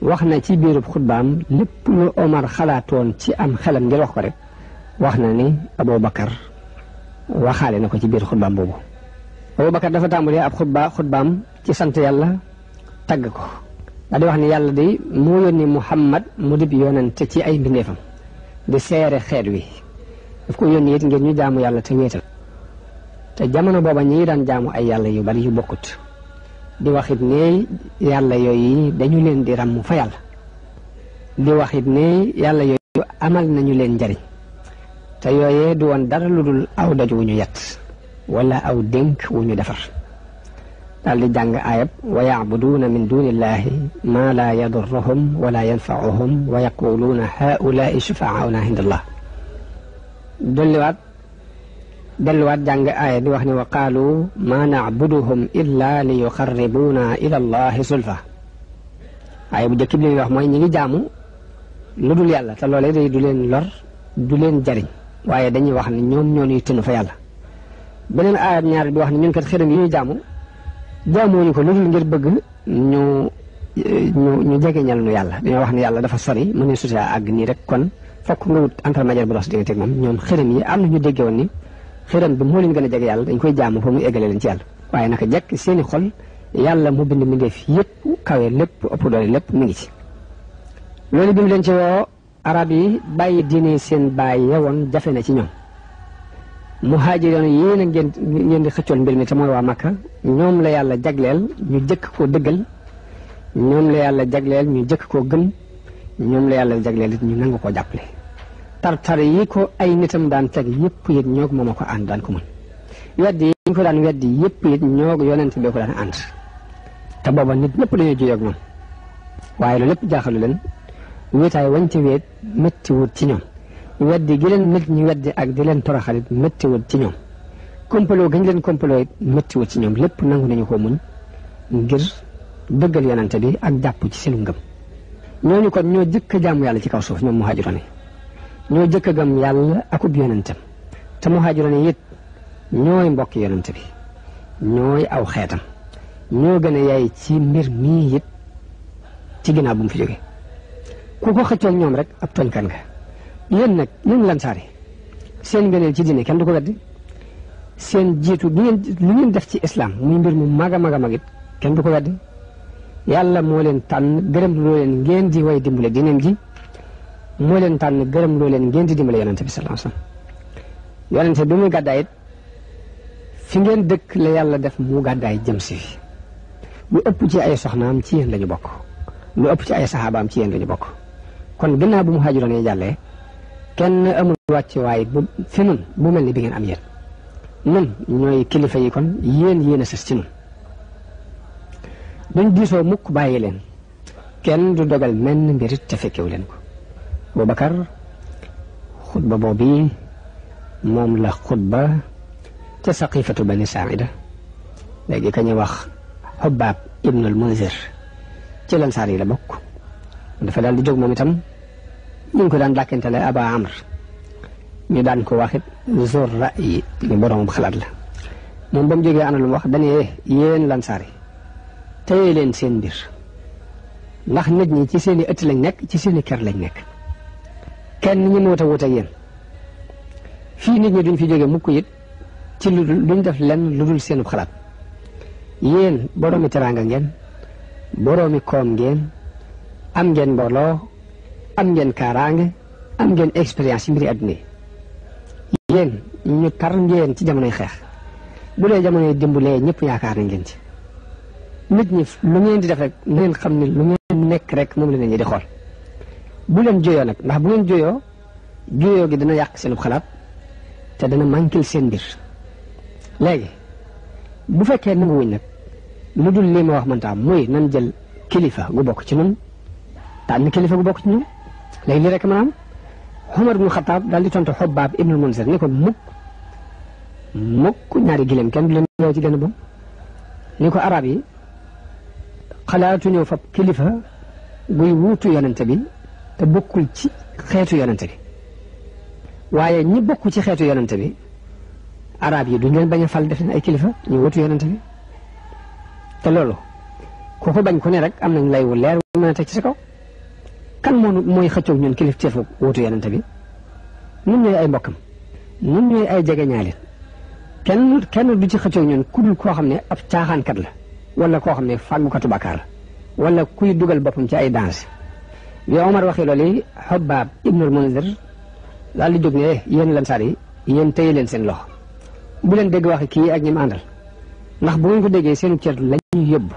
wax na ci biirub xutbaam lépp lu Omar xalaatoon ci am xelam ngir wax ko rek wax na ni waxaale na ko ci biir xutbaam boobu Abubakar dafa tàmbalee ab xutba xutbaam ci sant yàlla tagg ko daal di wax ni yàlla di moo yónni Muhammad mu dib yonente ci ay mbindeefam di seere xeet wi daf ko yónni it ngir ñu jaamu yàlla te wéetal te jamono booba ñi daan jaamu ay yàlla yu bari yu bokkut di wax it ne yàlla yooyu dañu leen di ràmm fa yàlla di wax it yàlla yooyu amal nañu leen njariñ te yooyee du woon dara lu dul aw doj wu ñu yett wala aw dénk wu ñu defar daal di jàng ayab wa yacbuduuna min dunillahi ma la yadurruhum wala yanfauhum wa yaquluuna haulaai shufaauna inda allah dolliwaat delluwaat jàng aaya di wax ne wa qaalu ma nacbuduhum illa li yuqarribuuna ila allahi sulfa waaye bu njëkk bi li ñuy wax mooy ñi ngi jaamu lu dul yàlla te loolee day du leen lor du leen jariñ waaye dañuy wax ne ñoom ñoo ñuy tënnu fa yàlla beneen aayab ñaar bi wax ne ñun kat xërëm yi ñuy jaamu jaamuñu ko lu dul ngir bëgg ñu ñu ñu jegeñal nu yàlla dañoo wax ne yàlla dafa sori mu ne sutee àgg nii rek kon fokk nga wut intermédiaire bu dox diggante ak moom ñoom xërëm yi am na ñu dégge woon ni xërëm bi moo leen gën a jege yàlla dañ koy jaamu fa mu eggale leen ci yàlla waaye naka jekk seeni xol yàlla mu bind mu ngi fi yëpp kawe lépp ëpp doole lépp mi ngi ci arab yi bàyyi diine seen bàyyi yewoon jafe na ci ñoom muhaajiroon yéen a ngeen ngeen di xëccoon mbir mi te mooy waa Makka ñoom la yàlla jagleel ñu jëkk koo dëggal ñoom la yàlla jagleel ñu jëkk koo gëm ñoom la yàlla jagleel it ñu nangu koo jàppale tartar yi ko ay nitam daan teg yëpp it ñoo ko ko ànd daan ko mën wedd yi ñu ko daan wedd yëpp it ñoo ko yonent bee ko daan ànd te booba nit ñëpp dañoo juyee ak moom waaye loolu lépp jaaxalu leen wéetaay wañ ci wéet méttiwut ci ñoom weddi gi leen nit ñi weddi ak di leen toroxalit méttiwut ci ñoom kompaloo gañ leen kompaloo it ci ñoom lépp nangu nañu ko muñ ngir dëggal yonante bi ak jàpp ci seen ngëm ñooñu kon ñoo jëkk jàmm yàlla ci kaw suuf ñoom muhaajiroon yi ñoo jëkk a gëm yàlla akub yonantam te muhaajiroon yi it ñooy mbokk yonante bi ñooy aw xeetam ñoo gën a yaay ci mbir mii it ci ginnaaw bu mu fi jógee ku ko xëccoog ñoom rek ab tooñkat nga yéen nag yéen lansaar yi seen ngëneel ci diine kenn du ko weddi seen jiitu li ngeen def ci islam muy mbir mu mag a mag a mag it kenn du ko weddi yàlla moo leen tànn gërëm loo leen ngeen di way dimbale diineem ji moo leen tànn gërëm loo leen ngeen di dimbale yonente bi sallallahu alayhi wasallam yonente bi muy gàddaay fi ngeen dëkk la yàlla def mu gàddaay jëm si fi lu ëpp ci ay soxnaam ci yéen lañu bokk lu ëpp ci ay saxaabaam ci yéen la bokk kon gannaaw bu muhaajiroon yi jàllee kenn amul wàccuwaay bu fi nun bu mel ni bi ngeen am yéen nun ñooy kilifa yi kon yéen yéen a sës ci nun duñ diisoo mukk bàyyi leen kenn du dogal menn mbirit ca fekkewu leen ko Boubacar xutba boobu moom la xutba ca saqifatu bani saida léegi ka ñu wax Xubaab ibnul Munzir ci ca saar yi la bokk dafa daal di jóg moom itam ñu ngi ko daan dàkkantele Aba Amr ñu daan ko waxit zur ra yi ni borom xalaat la moom ba mu jógee ana lu mu wax dañee yéen lansaar yi téye leen seen mbir ndax nit ñi ci seeni i ëtt lañ nekk ci seeni ker lañ nekk kenn ñi moota wut ak yéen fii nit ñi duñ fi jógee mukk yit ci lu duñ def lenn lu dul seen xalaat yéen boroomi teraanga ngeen boroomi koom ngeen am ngeen mbolo am ngeen karange am ngeen experience mbiri adne yeen ñu tar ngeen ci jamono xex bu le jamono dimbalee ñepp yaakaar na ngeen ci nit ñi lu ngeen di def rek ngeen xamni lu ngeen nek rek mom la ñi di xol bu leen joyo nak ndax bu ngeen joyo joyo gi dina yàq seen xalaat te dana mankil seen bir legi bu fekkee nanguwuñ nag lu dul lii ma wax man taam muy nan jël kilifa gu bok ci nun tànn kilifa gu bokk ci ñun léegi lii rek maanaam Omar ibnu Xataab daal di tontu Xobbaab ibnu Munzir ni ko mukk mukk ñaari gileem kenn du leen ñëw ci gën ba ni ko arab yi xalaatu ñëw fab kilifa guy wuutu yonente bi te bokkul ci xeetu yonente bi waaye ñi bokk ci xeetu yonente bi arab yi duñ leen bañ a fal def leen ay kilifa ñu wutu yonente bi te loolu ku ko bañ ku ne rek am nañ lay wu leer mën a teg ci sa kaw kan moo mooy xëccoog ñun kilifteefu wuutu yonent bi ñun ñooy ay mbokkam ñun ñooy ay jegeñaale kenn kenn du ci xëccoog ñun ku dul koo xam ne ab caaxaankat la wala koo xam ne fàggukatu bàkkaar la wala kuy dugal boppam ci ay danse bi Omar waxee loolu Xobbaab Ibnul Munzir daal di jóg ne yéen lansaar yi yéen téye leen seen loxo bu leen dégg waxi kii ak ñi àndal ndax bu ngeen ko déggee seen cër la ñuy yóbbu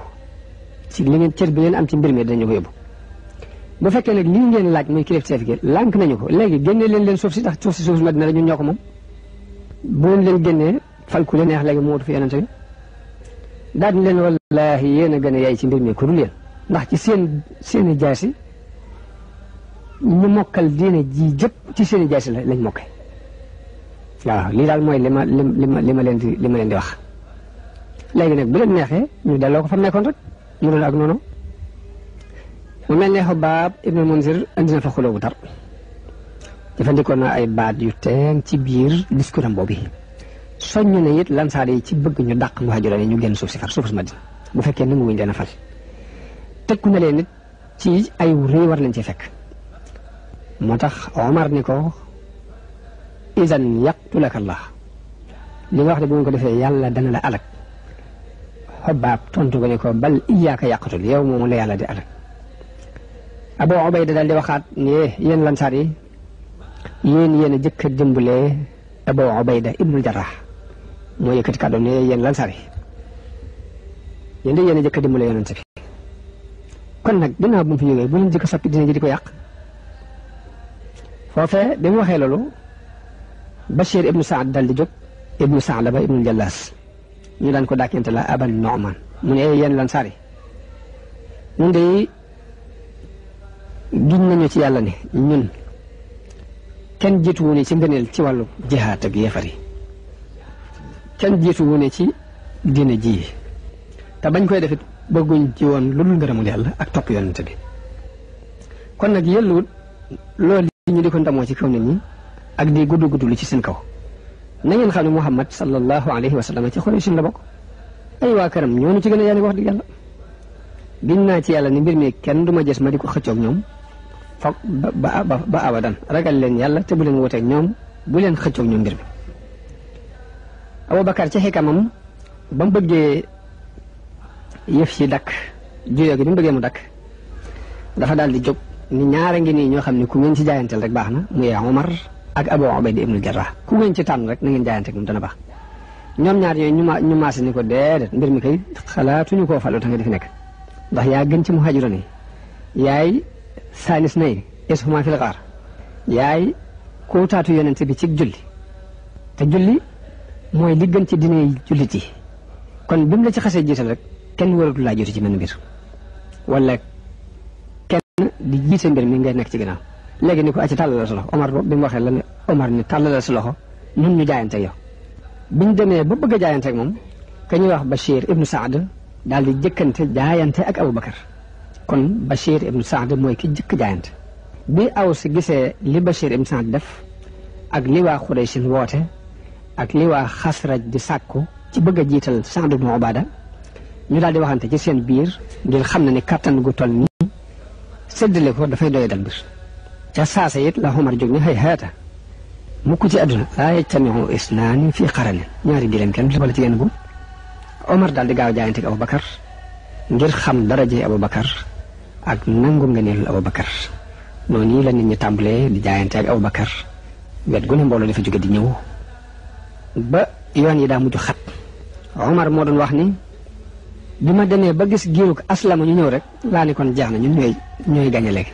ci li ngeen cër bi ngeen am ci mbir mi dañu ko yóbbu bu fekkee léegi lii ngeen laaj muy kilifteef gi lànk nañu ko léegi génne leen leen suuf si ndax suuf si suuf Madina la ñun ñoo ko moom bu leen génnee fal ku neex léegi moo fi yonente bi daal di leen yéen a gën a yaay ci mbir mi ndax ci seen seeni i si ñu mokkal diine ji jëpp ci seen i jaasi la lañ mokkee waaw lii daal mooy li ma li ma li ma leen di li ma leen di wax léegi nag bu leen neexee ñu delloo ko fa nekkoon rek mu doon ak noonu mu mel ne Xubaab ibnu Munzir andi na fa xuloo bu tar jëfandikoo na ay baat yu teen ci biir discoursam boobu soññu ne it lansaar yi ci bëgg ñu dàq muhaajiroon yi ñu génn suuf si far suuf si Madina bu fekkee nangu wuñ leen a fal tëkku na leen it ci ay réew war nañ ci fekk moo tax Omar ni ko isan yaqtulaka Allah li nga wax ne bu ko defee yàlla dana la alak Xubaab tontu ko ni ko bal iyaaka yàqatul yow moomu la yàlla di alak abu ubayda dal di waxat ni yeen lansaar yi yeen yéen a jëkk abu ubayda ibnul jarrah mo yëkkati kàddoom ni yeen lansaar yi yeen de yéen a jëkk kon nak, dina bu fi jógee bu leen jëkk sappi dina ji di fofé bi mu ibnu Saad dal di jóg ibnu sa'laba ibnu jallas ñu dan ko dakenta la aban nu'man mu ne yéen lansaar yi giñ nañu ci yàlla ne ñun kenn jiitu wu ne ci ngëneel ci wàllu jihaat ak yeefar yi kenn jiitu wu ne ci diine ji te bañ koy defit bëgguñ ci woon lu dul ngërëmul yàlla ak topp yonent bi kon nag yëlluwut loolu ñu di ko ndamoo ci kaw nit ñi ak di gudd gudd lu ci seen kaw na ngeen xam ne Muhammad sallallahu alayhi wa sallam ci Quraysh la bokk ay waa këram ñoo ñu ci gën a yàlla wax dëgg yàlla giñ naa ci yàlla ni mbir mi kenn du ma gis ma di ko xëccoog ñoom foog ba ba ba abadan ragal leen yàlla te bu leen wuteeg ñoom bu leen xëccook ñoom mbir mi Aboubacar ci xikamam ba mu bëggee yëf si dakk juyoo gi bi mu bëggee mu dakk dafa daal di jóg ni ñaara ngi nii ñoo xam ne ku ngeen ci jaayanteel rek baax na muy Omar ak Abu Ubayda ibnul Jarrah ku ngeen ci tànn rek na ngeen jaayante ak dana baax ñoom ñaar ñooy ñu ma ñu maase ni mbir mi kay xalaatuñu koo falu ta nga di fi nekk ndax yaa gën c saalis nay isfuma fil xaar yaay kóotaatu yonent bi ci julli te julli mooy li gën ci dine jullit yi kon bi mu la ci xasee jiital rek kenn waratu laa jiitu ci benn mbir wala kenn di jiite mbir mi ngay nekk ci ginnaaw léegi ni ko acci tàllal sa loxo Omar bi mu waxee lan ne Omar ni tàllal sa loxo ñun ñu jaayante yow ñu demee ba bëgg a jaayante moom ka ñuy wax Bachir ibnu Saad daal di jëkkante jaayante ak Aboubacar kon Bachir ibn Saad mooy ki jëkk jaayante bi Aws gisee li Bachir ibn Saad def ak li waa Xuraysin woote ak li waa Xasraj di sàkku ci bëgg a jiital Saad ibn Ubaada ñu daal di waxante ci seen biir ngir xam ne ni kattan gu toll nii séddale ko dafay doy dal bir ca saasa it la Omar jóg ni xëy xeeta mukk ci àdduna laa yajtamiu isnaani fii xarani ñaari gileem kenn ci genn gu Omar daal di gaaw jaayante ngir xam daraje Aboubacar ak nangu nga neelul Aboubacar noonu la nit ñi tàmbalee di jaayante ak Aboubacar wet gu ne mbooloo dafa jóge di ñëw ba yoon yi daa mujj xat Omar moo doon wax ni bi ma demee ba gis giirug aslama ñu ñëw rek laa ni kon jeex na ñun ñooy ñooy gañe léegi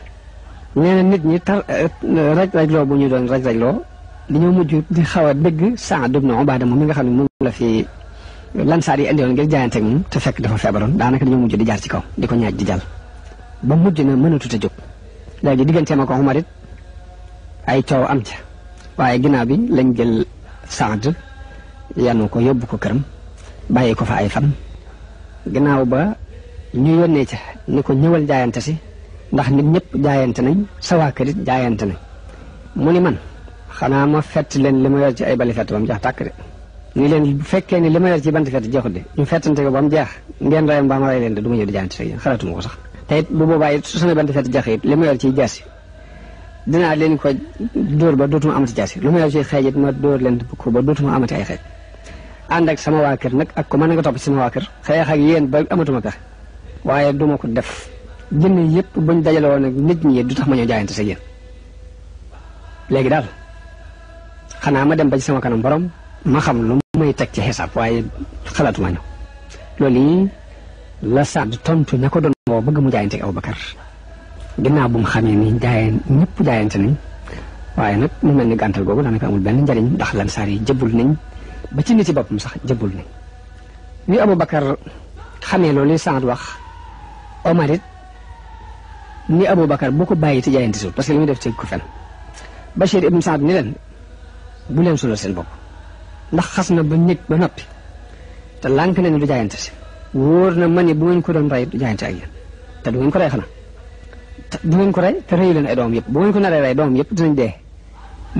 nee na nit ñi tar eh, raj rajloo bu ñu doon raj rajloo dañoo mujj di xaw a dégg Saad ibn Ubaada moom nga xam ne moom la fi lansaar yi indi woon ngir jaayante ak moom te fekk dafa feebaroon daanaka dañoo mujj ci kaw ko ñaaj di ba mujj na mënatut a jóg léegi digganteem ak Omar it ay coow am ca waaye ginnaaw bi lañ jël Saad yanu ko yóbbu ko këram bàyyi ko fa ay fan ginnaaw ba ñu yónnee ca ni ko ñëwal jaayante si ndax nit ñëpp jaayante nañ sa waa kër jaayante nañ mu ni man xanaa ma fett leen li ma yor ci ay bali fett ba mu jeex tàkk de ni leen bu fekkee ni li ma yor ci bant fett jeexut de ñu fettante ko ba mu jeex ngeen rayam ba ma ray leen de du ma ñëw di jaayante rek sax te it bu boobaa it su sama bant set jaxe li ma yor ci jaasi dinaa leen ko dóor ba dootuma amati jaasi lu ma yor ci xeej ma dóor leen ko ba dootuma amati ay xeej ànd ak sama waa kër nag ak ko mën nga topp ci sama waa kër xeex ak yéen ba amatuma pexe waaye du ma ko def jënd yëpp bañ dajale woon ak nit ñi du tax ma ñëw jaayante sa yéen léegi daal xanaa ma dem ba ci sama kanam borom ma xam lu may teg ci xisaab waaye xalaatuma ñëw loolu yi la sàdd tontu ña ko doon woo bëgg mu jaayante ak Aboubacar ginnaaw bu mu xamee ni jaayeen ñëpp jaayante ni waaye nag mu mel ni gàntal googu daanaka amul benn njariñ ndax lansaar yi jëbbul nañ ba ci nit yi boppam sax jëbbul nañ bi Aboubacar xamee loolu li Saad wax Omar it ni Aboubacar boo ko bàyyi te jaayante si parce que li muy def ci ko fen Bachir ibn Saad ni leen bu leen sulal seen bopp ndax xas na ba nit ba noppi te lànk nañu du jaayante si wóor na ma ni bu ngeen ko doon rey du jaayante ak yéen te du ngeen ko rey xanaa du ngeen ko rey te rëyu leen ay doom yëpp bu ngeen ko naree rey doom yëpp dinañ dee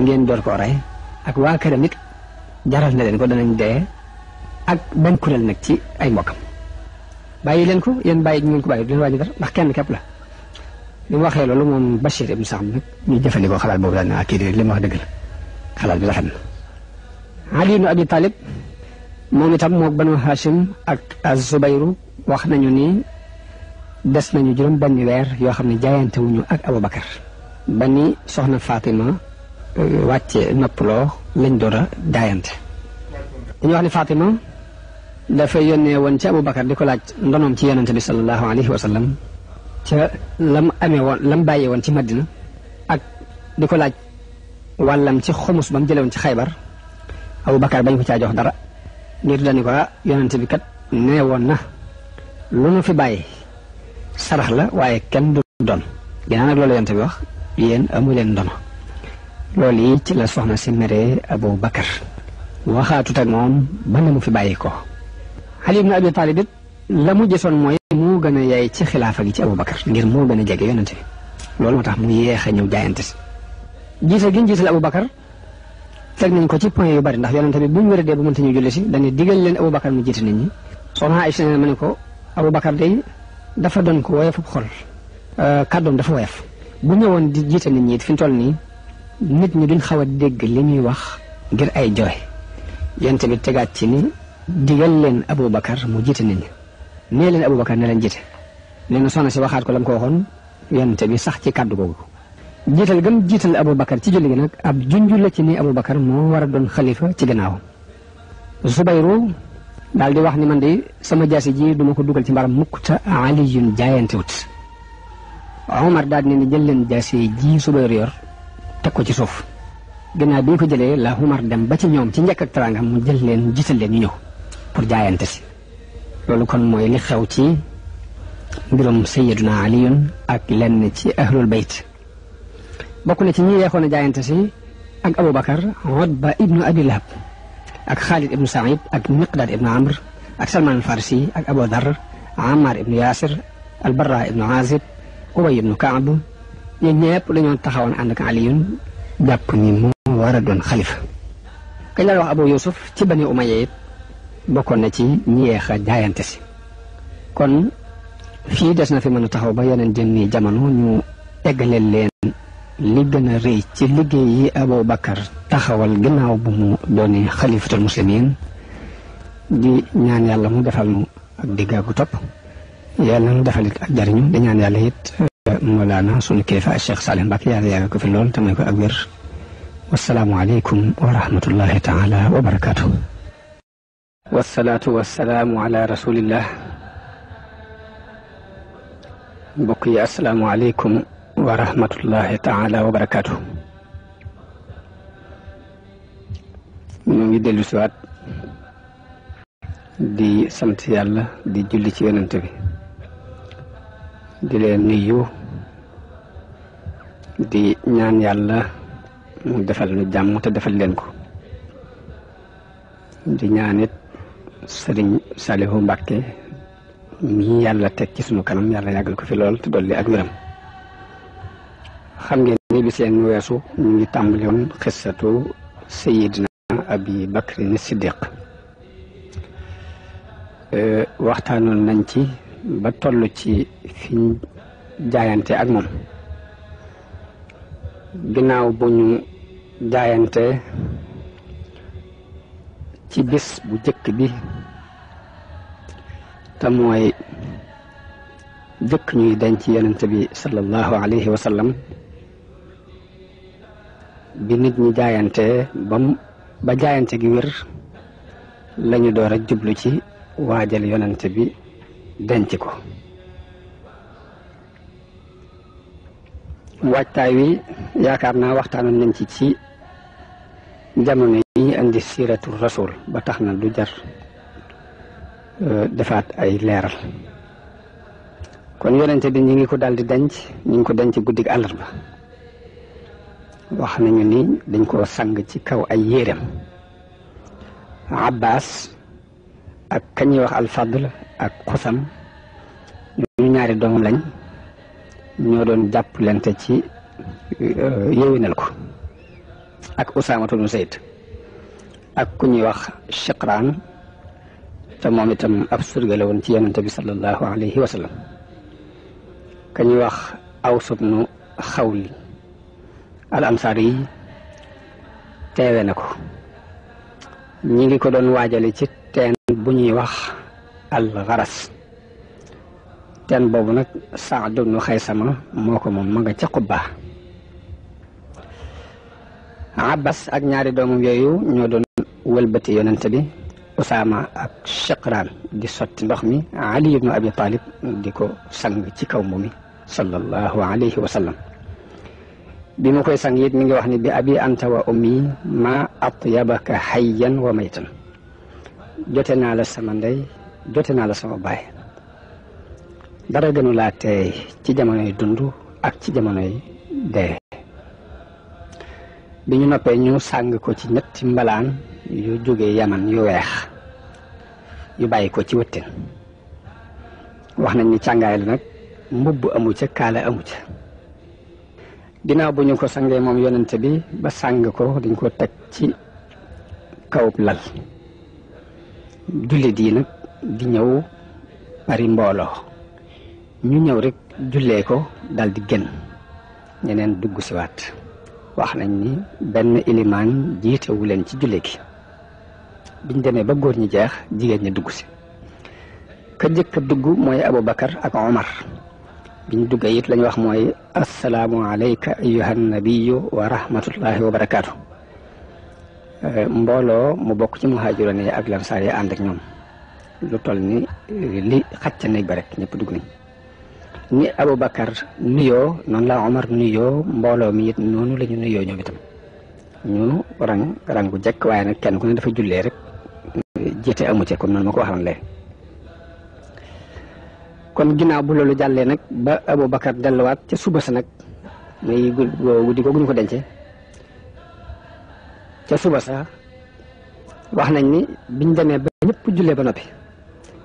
ngeen door koo rey ak waa këram it jaral na leen ko danañ dee ak bañ kuréel nag ci ay mbokkam bàyyi leen ko yéen bàyyi ñu ko bàyyi du leen wàññi dara ndax kenn képp la li mu waxee loolu moom Bachir ibn Saxd nag ñu jëfandikoo xalaat boobu daal ne ah, kii de li mu wax dëgg la xalaat bi rafet na Ali ibn Abi Talib moom itam moog Banu Hashim des nañu juróom benn weer yoo xam ne jaayante wuñu ak Aboubacar ba ni soxna Fatima euh, wàcce noppaloo lañ door a jaayante dañu wax ne Fatima dafa yónnee woon ci Aboubacar di ko laaj ndonoom ci yonente bi sallallahu alayhi wa sallam la lam amee woon lam bàyyee woon ci Madina ak di ko laaj wàllam ci xumus ba mu jëlee woon ci xaybar Aboubacar bañ ko caa jox dara ngir dañu ko ah, yonente bi kat nee woon na lu nu fi bàyyi sarax la waaye kenn du don ginnaaw nag loolu yonte bi wax yéen amu leen ndono loolu yi ci la soxna si meree Abu Bakar waxaatut ak moom ba ne mu fi bàyyi ko Ali ibn Abi Talib it la mu gisoon mooy moo gën a yaay ci xilaafa gi ci Abu Bakar ngir moo gën a jege yonente bi loolu moo tax mu yéex a ñëw jaayante si jiital gi ñu jiital Abu Bakar teg nañ ko ci point yu bari ndax yonente bi bu ñu wéradee bu mënta ñu julli si dañu digal leen Abu Bakar mu jiite nit ñi soxna Aïcha ne ma ne ko Abu Bakar day dafa doon ko woyofu xol kàddoom dafa woyof bu ñëwoon di jiite nit ñi fi ñu toll nii nit ñi duñ xaw a dégg li muy wax ngir ay jooy yent bi tegaat ci ni digal leen Aboubacar mu jiite nit ñi nee leen Aboubacar ne leen jiite nee na soxna si waxaat ko la ko waxoon yent bi sax ci kàddu googu jiital gëm jiital Aboubacar ci julli gi nag ab junj la ci ni Aboubacar moo war a doon xalifa ci gannaaw Zubayru dal di wax ni man di sama jasi ji duma ko duggal ci mbaram mukk te aliyun jaayantewut omar daal di ne ni jël len jasi ji subayr yor tek ko ci suuf gëna bi ko jëlé la umar dem ba ci ñoom ci ñek ak tranga mu jël len jiital len ñu ñëw pour jayante ci lolu kon moy li xew ci mbirum sayiduna aliyun ak len ci ahlul bayt bokku ne ci ñi yeexona jayante ci si ak abubakar wadba ibnu abi ak Khalid ibn Saïd ak Miqdad ibn Amr ak Salman al-Farsi ak Abu Dhar Ammar ibn Yasir al-Barra ibn Azib Ubay ibn Kaab ñoom ñëpp dañoo taxawoon ànd ak Aliyun jàpp ni moo war a doon xalifa kañ la wax Abu Yusuf ci Bani Umayya it bokkoon na ci ñi yeex a jaayante si kon fii des na fi mën a taxaw ba yeneen jëmmi jamono ñu eggaleel leen li gën a rëy ci liggéey yi Abou Bakar taxawal ginnaaw bu mu doonee xalifatul muslimin di ñaan yàlla mu defal nu ak diggaagu topp yàlla mu defal it ak jariñu di ñaan yàlla it Mawlana sunu kilifa ak Cheikh Salih Mbacke yàlla yàggal ko fi lool te tamay ko ak wér wasalaamualeykum wa rahmatullahi taala wa barakaatu wasalaatu wasalaamu ala rasulillah mbokk yi asalaamualeykum wa rahmatullahi taala wa barakaatu. ñu ngi dellu waat di sant yàlla di julli ci yonent bi di leen nuyu di ñaan yàlla mu defal nu jàmm te defal leen ko di ñaanit sëriñ Salihu Mbàkke mi yàlla teg ci sunu kanam yàlla yàggal ko fi lool te dolli ak wéram xam ngeen ni bi seen weesu ñu ngi tàmbali woon xissatu sayidina abi bakrin siddiq euh, waxtaanoon nañ ci ba toll ci fiñ jaayante ak moom ginnaaw bu ñu jaayante ci bis bu jëkk bi te mooy jëkk ñuy denc yonent bi sallallahu alayhi wa sallam bi nit ñi jaayante bam ba jaayante gi wér lañu door a jublu ci waajal yonante bi denc ko waajtaay wi yaakaar naa waxtaanoon nañ ci ci jamono yi andi rasul ba tax na du jar euh, defaat ay leeral kon yonente bi ñi ngi ko daldi denc ñi ngi ko denc guddig àllarba wax nañu ni dañ koo sang ci kaw ay yéreem abbas ak kañuy wax alfadl ak xusam ñu ñaari doomam lañ ñoo doon jàppalante ci euh, yéwénal ko ak usaamatu bnu zayd ak ku ñuy wax chiqraan te moom itam ab surge la woon ci yonente bi sallallahu alayhi wa sallam kañuy wax awsubnu xawli al ansaar yi teewe na ko ñi ngi ko doon waajale ci teen bu ñuy wax al xaras teen boobu nag Saad ibnu Xaysama moo ko moom ma nga ca Quba Abbas ak ñaari doomam yooyu ñoo doon wëlbati yonent bi Usaama ak Shaqraan di sotti ndox mi Ali ibnu Abi Talib di ko sang ci kaw mu mi sallallahu alayhi wa sallam bi mu koy sang it mi ngi wax ni bi abi anta wa ummi ma atyabaka hayyan wa maytan jote naa la sama ndey jote naa la sama baay dara gënu laa teey ci jamonoy dund ak ci jamonoy dee bi ñu noppee ñu sàng ko ci ñetti mbalaan yu jógee yaman yu weex yu bàyyi ko ci wëttin wax nañ ni càngaay la nag mbubb amu ca kaala amu ca ginnaaw bu ñu ko sangee moom yonent bi ba sàng ko dañ ko teg ci kawub lal jullit yi nag di ñëw bari mbooloo ñu ñëw rekk jullee ko daldi di génn ñeneen dugg si waat wax nañ ni benn ilimaan jiitewu leen ci julle gi biñ demee ba góor ñi jeex jigéen ñi dugg si ka jëkk dugg mooy abu Aboubacar ak Omar biñ duggé yit lañ wax moy assalamu alayka ayuha nabiyyu wa rahmatullahi wa barakatuh eh, mbolo mu bok ci muhajirone yi ak lansaar yi and ak ñom lu toll ni eh, li xacca néeg barek ñep dugg nañ ni abubakar nuyo non la omar nuyo mbolo mi yit nonu lañu nuyo ñom itam ñu rang rang bu jekk waaye kenn ku ne dafa rek eh, jete amu ci comme non mako waxal kon ginnaaw bu loolu jàllee nag ba abu Aboubacar delluwaat ca suba sa nag muy guddi googu ñu ko dencee ca suba sa wax nañ ni biñ demee ba ñëpp jullee ba noppi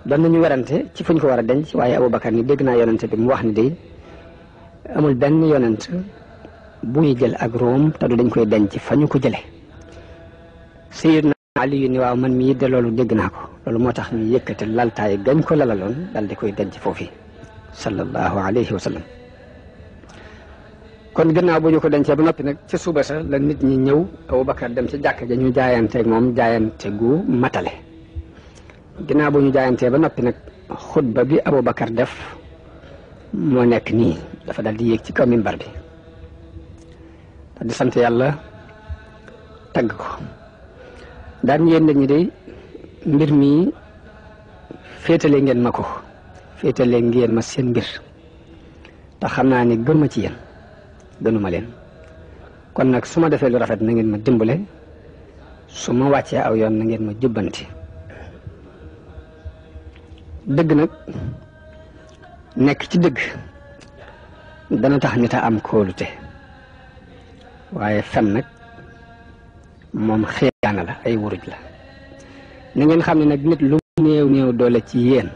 doon nañu werante ci fuñ ko war a denc waaye Aboubacar ni dégg naa yonent bi mu wax ni day amul benn yonent bu muy jël ak room te du dañ koy denc fa ñu ko jële Aliyu ni waaw man mii de loolu dégg naa ko loolu moo tax ñu yëkkati laltaay gañ ko lalaloon dal di koy denc foofu sallallahu alayhi wa sallam kon gannaaw bu ñu ko dencee ba noppi nag ca suba sa la nit ñi ñëw Aboubacar dem ci jàkk ja ñu jaayanteeg moom jaayante gu matale gannaaw bu ñu jaayantee ba noppi nag xutba bi Aboubacar def moo nekk nii dafa dal di yéeg ci kaw mimbar bi dal di sant yàlla tagg ko daan yéen ñi de mbir mi féetale ngeen ma ko féetale ngeen ma seen mbir te xam naa ne gën ma ci yéen gënuma leen kon nag su ma defee lu rafet na ngeen ma dimbale su ma wàccee aw yoon na ngeen ma jubbanti dëgg nag nekk ci dëgg dana tax nit a am kóolute waaye fen nag moom xeexaana la ay wuruj la na ngeen xam ne nag nit lu néew néew doole ci yéen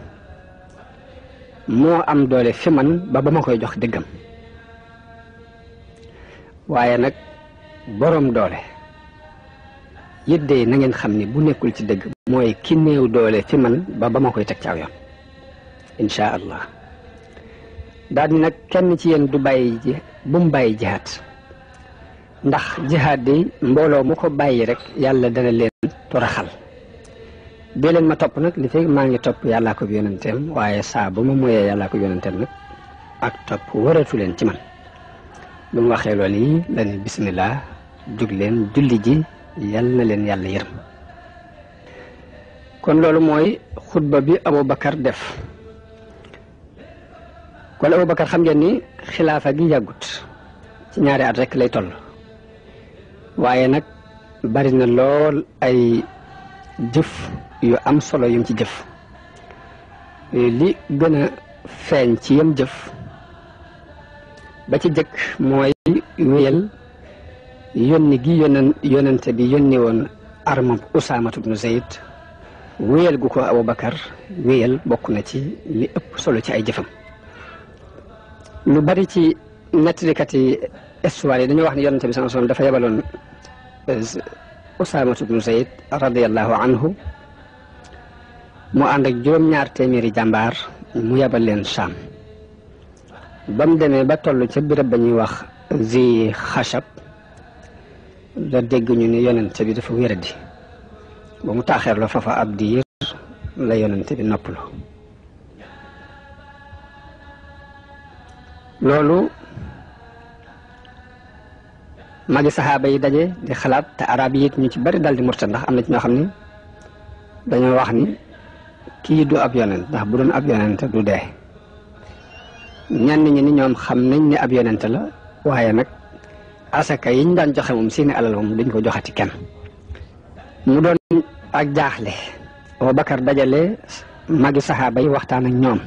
moo am doole fi man ba ba ma koy jox dëggam waaye nag boroom doole yit de na ngeen xam ni bu nekkul ci dëgg mooy ki néew doole fi man ba ba ma koy teg ci aw yoon incha allah daal di nag kenn ci yéen du bàyyi ji bu mu bàyyi jihaat ndax jihad di mbolo mu ko bayyi rek yalla dana leen turaxal be len ma top nak li fek ma ngi top yalla ko yonentem waye sa bu ma moye yalla ko yonenteem nak ak top waratu len ci man bi mu waxee loolu bismillah dug len julli ji yalla len yalla yàlla kon lolu moy khutba bi Aboubacar def kon Aboubacar xam ngeen ni khilafa gi yagut ci ñaari at rek lay tollu waaye nag bari na lool ay jëf yu am solo yum ci jëf li gën feeñ ci yam jëf ba ci jëkk mooy wéyal yónni gi yonen yonente bi yónni woon armam Usaamatu bnu Zayd wéyal gu ko Abubakar wéyal bokk na ci li ëpp solo ci ay jëfam lu bari ci nettalikat yi استوالي دنيا واحد يرن تبي سانسون دفع يبلون أسامة بن زيد رضي الله عنه مو عندك جوم نار تيميري جمبار مو يبلين شام بام دمي باتولو تبير بني واخ زي خشب دا ديغ ني ني يوننت بي دافا ويردي بو متاخر لو فافا ابدير لا يوننت بي نوبلو لولو magi saxaaba yi daje di xalaat te araab yi it ñu ci bari dal di murtad ndax am na ci ñoo xam ne dañoo wax ni kii du ab yonent ndax bu doon ab yonent du dee ñan ñi ni ñoom xam nañ ni ab yonent la waaye nag asaka yiñ daan joxe moom seeni alal moom duñ ko joxati kenn mu doon ak jaaxle Abubakar dajale magi saxaaba yi waxtaan ak ñoom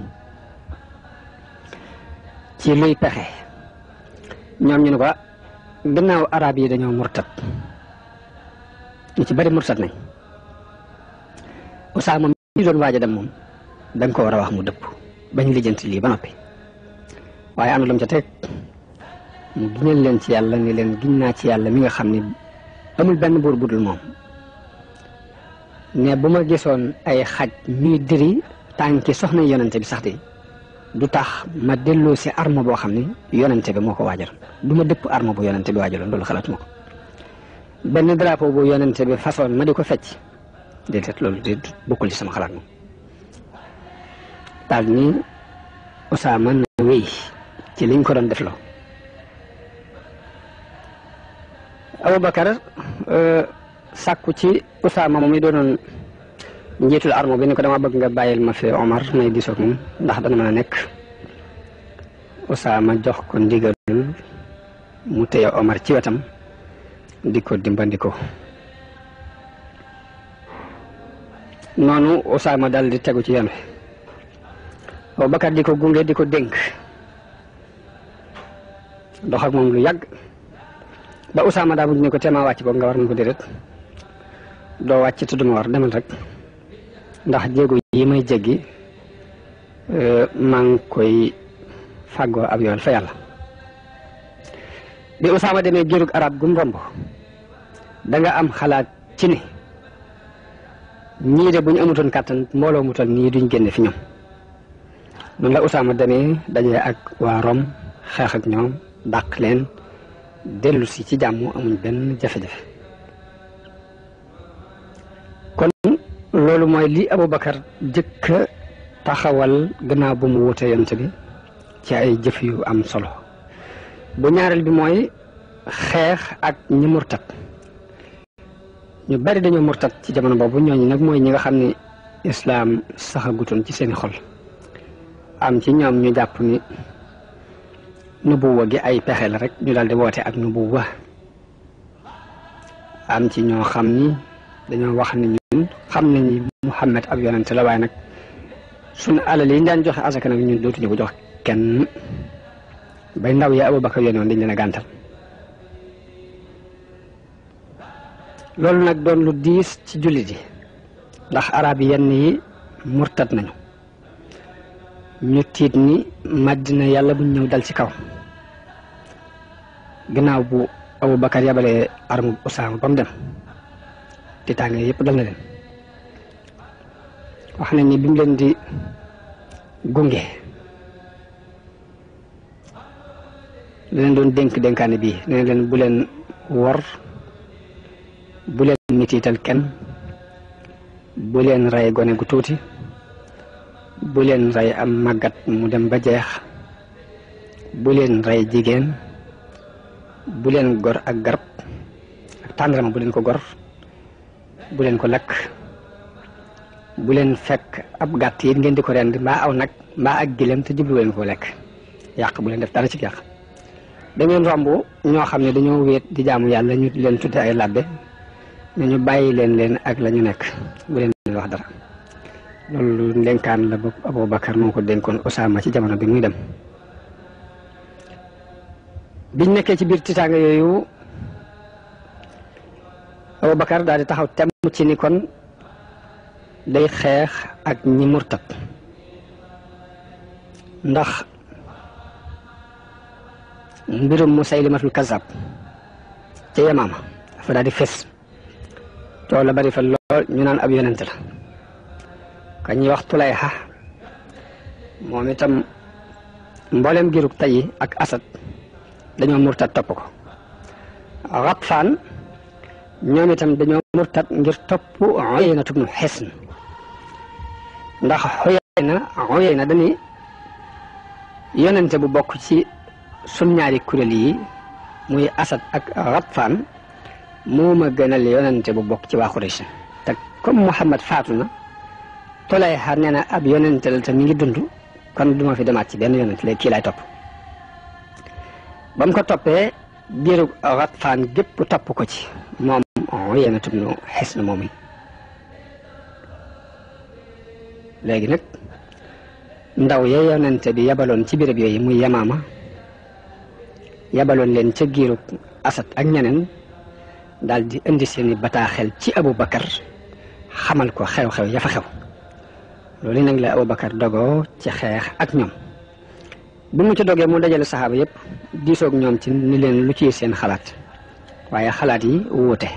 ci luy pexe ñoom ñu ne ko gannaaw araab yi dañoo murtat ñu ci bari murtat nañ Usaama mi doon waaj a dem moom dañ ko war a wax mu dëpp bañ lijjanti lii ba noppi waaye am na lu mu ca teg leen ci yàlla ni leen giñ naa ci yàlla mi nga xam ne amul benn buur budul moom ne bu ma gisoon ay xaj ñuy diri tànki soxna yonente bi sax di du tax ma delloo si arme boo xam ni yonente bi moo ko waajal du ma dëpp arme bu yonente bi waajaloon loolu xalaatuma ko benn drapeau bu yonente bi façon ma di ko fecc déedéet loolu de bokkul ci sama xalaat moom daal ni Usaama na wéy ci liñ ko doon def loo Abubakar euh, sàkku ci Usaama moom mi doonoon njiitul armo bi ni ko dama bëgg nga bàyyil ma fi Omar may diisoo ak ndax dana ma a nekk Usaama jox ko ndigalul mu téye Omar ci wetam di ko dimbandiko noonu Usaama dal di tegu ci yoon wi di ko gunge di ko dénk dox ak moom lu yàgg ba Usaama daa mujj ne ko teemaa wàcc boog nga war mu ko déedéet doo wàcc tudd ma war rek ndax jéego yi may jéggi euh, maa ngi koy fàggoo ab yoon fa yàlla bi Usaama demee géerug arab gum romb da am xalaat ci ni ñii de bu ñu amutoon kàttan mbooloo mu toll nii duñ génne fi ñoom noonu la Usaama demee dajee ak waa Rom xeex ak ñoom daq leen dellusi ci jàmm amuñ benn jafe-jafe loolu mooy li Abu jëkk a taxawal gannaaw bu mu wutee yent bi ci ay jëf yu am solo bu ñaareel bi mooy xeex ak ñi murtat ñu bari dañoo murtat ci jamono boobu ñooñu nag mooy ñi nga xam ne islaam ci seen xol am ci ñoom ñu jàpp ni nubuwa gi ay pexe la rek ñu daal di woote ak nubuwa am ci ñoo xam dañoo wax ni ñun xam nañ ni Muhammad ab yonent la waaye nag suñu alal yi ñu daan joxe asaka nag ñun dootuñu ko jox kenn bay ndaw ya Abubakar yónnoon dañ leen a gàntal loolu nag doon lu diis ci jullit yi ndax arab yenn yi murtat nañu ñu tiit ni Madina yàlla buñ ñëw dal ci kaw ginnaaw bu Abubakar yabalee armu Usaama ba mu dem tiitaange yépp dal na leen wax na ni bi mu di gunge la leen doon dénk dénkaane bii nee leen bu leen wor bu leen mitiital kenn bu leen ray gone gu tuuti bu leen ray am màggat mu dem ba jeex bu leen ray jigéen bu leen gor ak garab ak bu leen ko gor bu len ko lak bu len fek ab gatt yi ngeen di ko rend ma aw nak ma ak gilem te jublu leen ko lekk yak bu len def dara ci yak da ngeen rombo ñoo xamne dañoo wéet di jaamu yalla ñu len tudde ay labbe ñu bayyi len len ak lañu nek nekk bu leen wax dara lolou denkan la bu abou bakkar moko denkon Osama ci jamono bi muy dem biñ nekké ci bir titanga yoyu Aboubacar daal di taxaw temm ci ni kon day xeex ak ñi murtat ndax mbirum mu Kazzab ca Yamaama dafa daal di fes coow la bari fa lool ñu naan ab yonent la ka ñuy wax Tulayha moom itam mboolem girug tayi ak asad dañoo murtat topp ko ñoom itam dañoo murtat ngir topp Uyayna ibnu Hisn ndax Uyayna na dañuy yonente bu bokk ci sun ñaari kuréel yi muy Asad ak Ghatfaan muuma gënal yonente bu bokk ci waa Quraysh te comme Muhammad faatu na tolay xaar nee na ab yonente la te mi ngi dund kon duma fi demaat ci benn yonente léegi kii laay topp ba mu ko toppee diirug Ghatfaan gépp topp ko ci moom Uyayna ibnu Hisn moom yi léegi nag ndaw ya yonente bi yabaloon ci béréb yooyu muy Yamaama yabaloon leen ca giirug Asad ak ñeneen daal di indi seeni bataaxel ci Abu Bakar xamal ko xew-xew ya xew loolu nag lay Abu Bakar dogoo ci xeex ak ñoom bi mu ci dogee mu dajale saxaaba yépp diisoog ñoom ci ni leen lu ci seen xalaat waaye xalaat yi wuute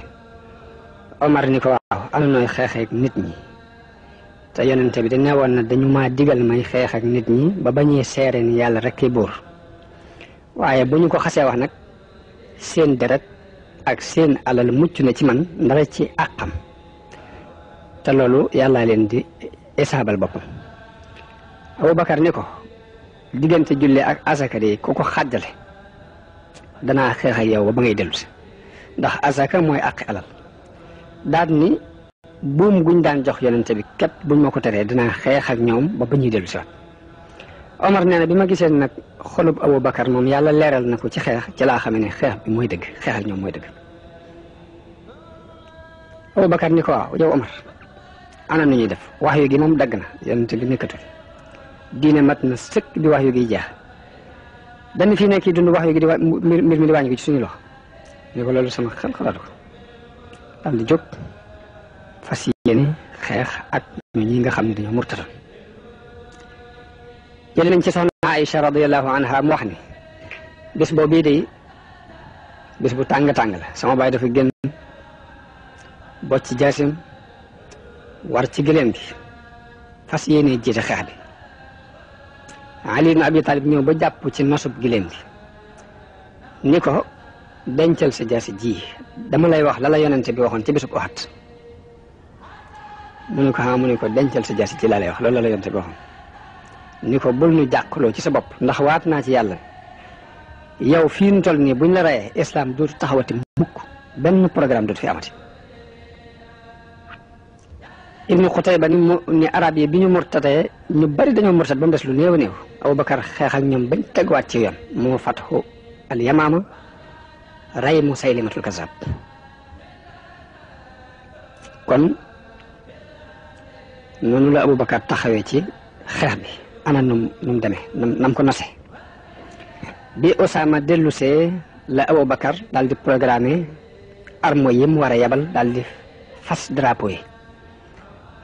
Omar ni ko waaw ana nooy xeexeek nit ñi te yonente bi da newoon na dañu ma digal may xeex nit ñi ba bañee seere ni yàlla rekk buur waaye bu ñu ko xasee wax nag seen deret ak seen alal mucc na ci man ndara ci àqam te loolu yàllaa leen di esaabal boppam Abubakar ni ko diggante julli ak asaka de ku ko xàjjale danaa xeex ak yow ba ba ngay dellu si ndax asaka mooy àqi alal daal ni buum guñ daan jox yonente bi képp buñ ma ko teree dinaa xeex ak ñoom ba ba ñuy dellu si waat Omar nee bi ma gisee nag xolub Abu Bakar moom yàlla leeral na ko ci xeex ci laa xam ne xeex bi mooy dëgg xeex ak ñoom mooy dëgg Abu Bakar ni ko waaw yow Omar ana nu ñuy def wax yu gi moom dagg na yonente bi nekkatul diine mat na sëkk di wax yu gi jeex dañ fi nekk dund wax yu gi di mbir mi di wàññi ko ci suñu loxo ne ko loolu sama xel xalaatu ko daal di jóg fas yéene xeex ak ñu ñi nga xam ne dañoo murtata jële nañ ci soxna Aïcha radiallahu anha mu wax ni bés boobu bii day bés bu tàng-tàng la sama baay dafa génn ci jaasim war ci gëléem bi fas yéene jiite xeex bi Ali ibn Abi Talib ñëw ba jàpp ci nosub giléem gi ni ko dencal si jaasi jii dama lay wax la la yonent bi waxoon ci bisub Uhud mu ne ko ah mu ne ko dencal si jaasi ji laa lay wax loolu la la yonent bi waxoon ni ko bul nu jàkkaloo ci sa bopp ndax waat naa ci yàlla yow fii nu toll nii buñ la rayee islam dootu taxawati mukk benn programme dootu fi amati ibnu xutayba ni arab yi bi ñu murtatee ñu bari dañoo murtat ba mu des lu néew a néew abubakar xeex ak ñoom bañ teguwaat ci yoon moo fatxu al yamaama rey musaylimatul kasab kon noonu la abubakar taxawee ci xeex bi ana num num demee nam ko nose bi Osama dellusee la abubakar daal di programme armo yi mu war a yebal daal di fas drapeau yi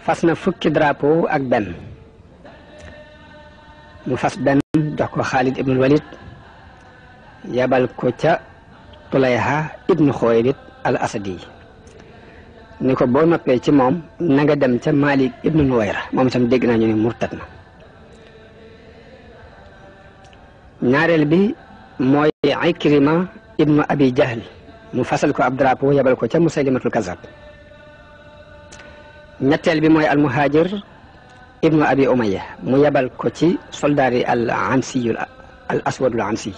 فاسنا فك درابو اك بن مو فاس بن دوكو خالد ابن الوليد يابل كوتا طليها ابن خويلد الاسدي نيكو بو نوبي تي موم نغا دم تي مالك ابن نوير موم تام دغنا ني مرتدنا نارل بي موي عكرمه ابن ابي جهل مفصل كو عبد الرابو يابل كو تي مسلمه الكذاب نتل بموي المهاجر ابن أبي أمية ميبال كوتي سولداري العنسي الأسود العنسي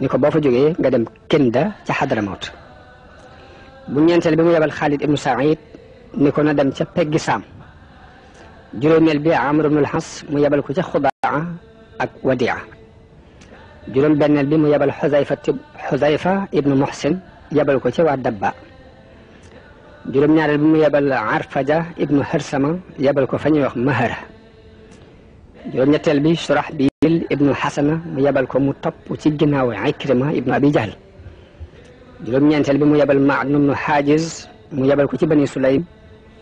نيكو بوفا جوغي غادم كندا تا حضرموت بو نينتل بمو يبال خالد ابن سعيد نيكو ندم تا بيغي سام جروميل بي عمرو بن الحص ميبال كوتي خضاعة اك وديعة جروم بنل بي ميبال حذيفة حذيفة ابن محسن يبال كوتي وادبا juróom ñaareel bi mu yebal Arfaja ibnu Harsama yebal ko fa ñuy wax Mahara juróom ñetteel bi Surahbil ibnu Hasana mu yebal ko mu topp ci ginnaaw Ikrima ibnu Abi Jahl juróom ñeenteel bi mu yebal Ma'nu ibnu Haajiz mu yebal ko ci Bani Sulaym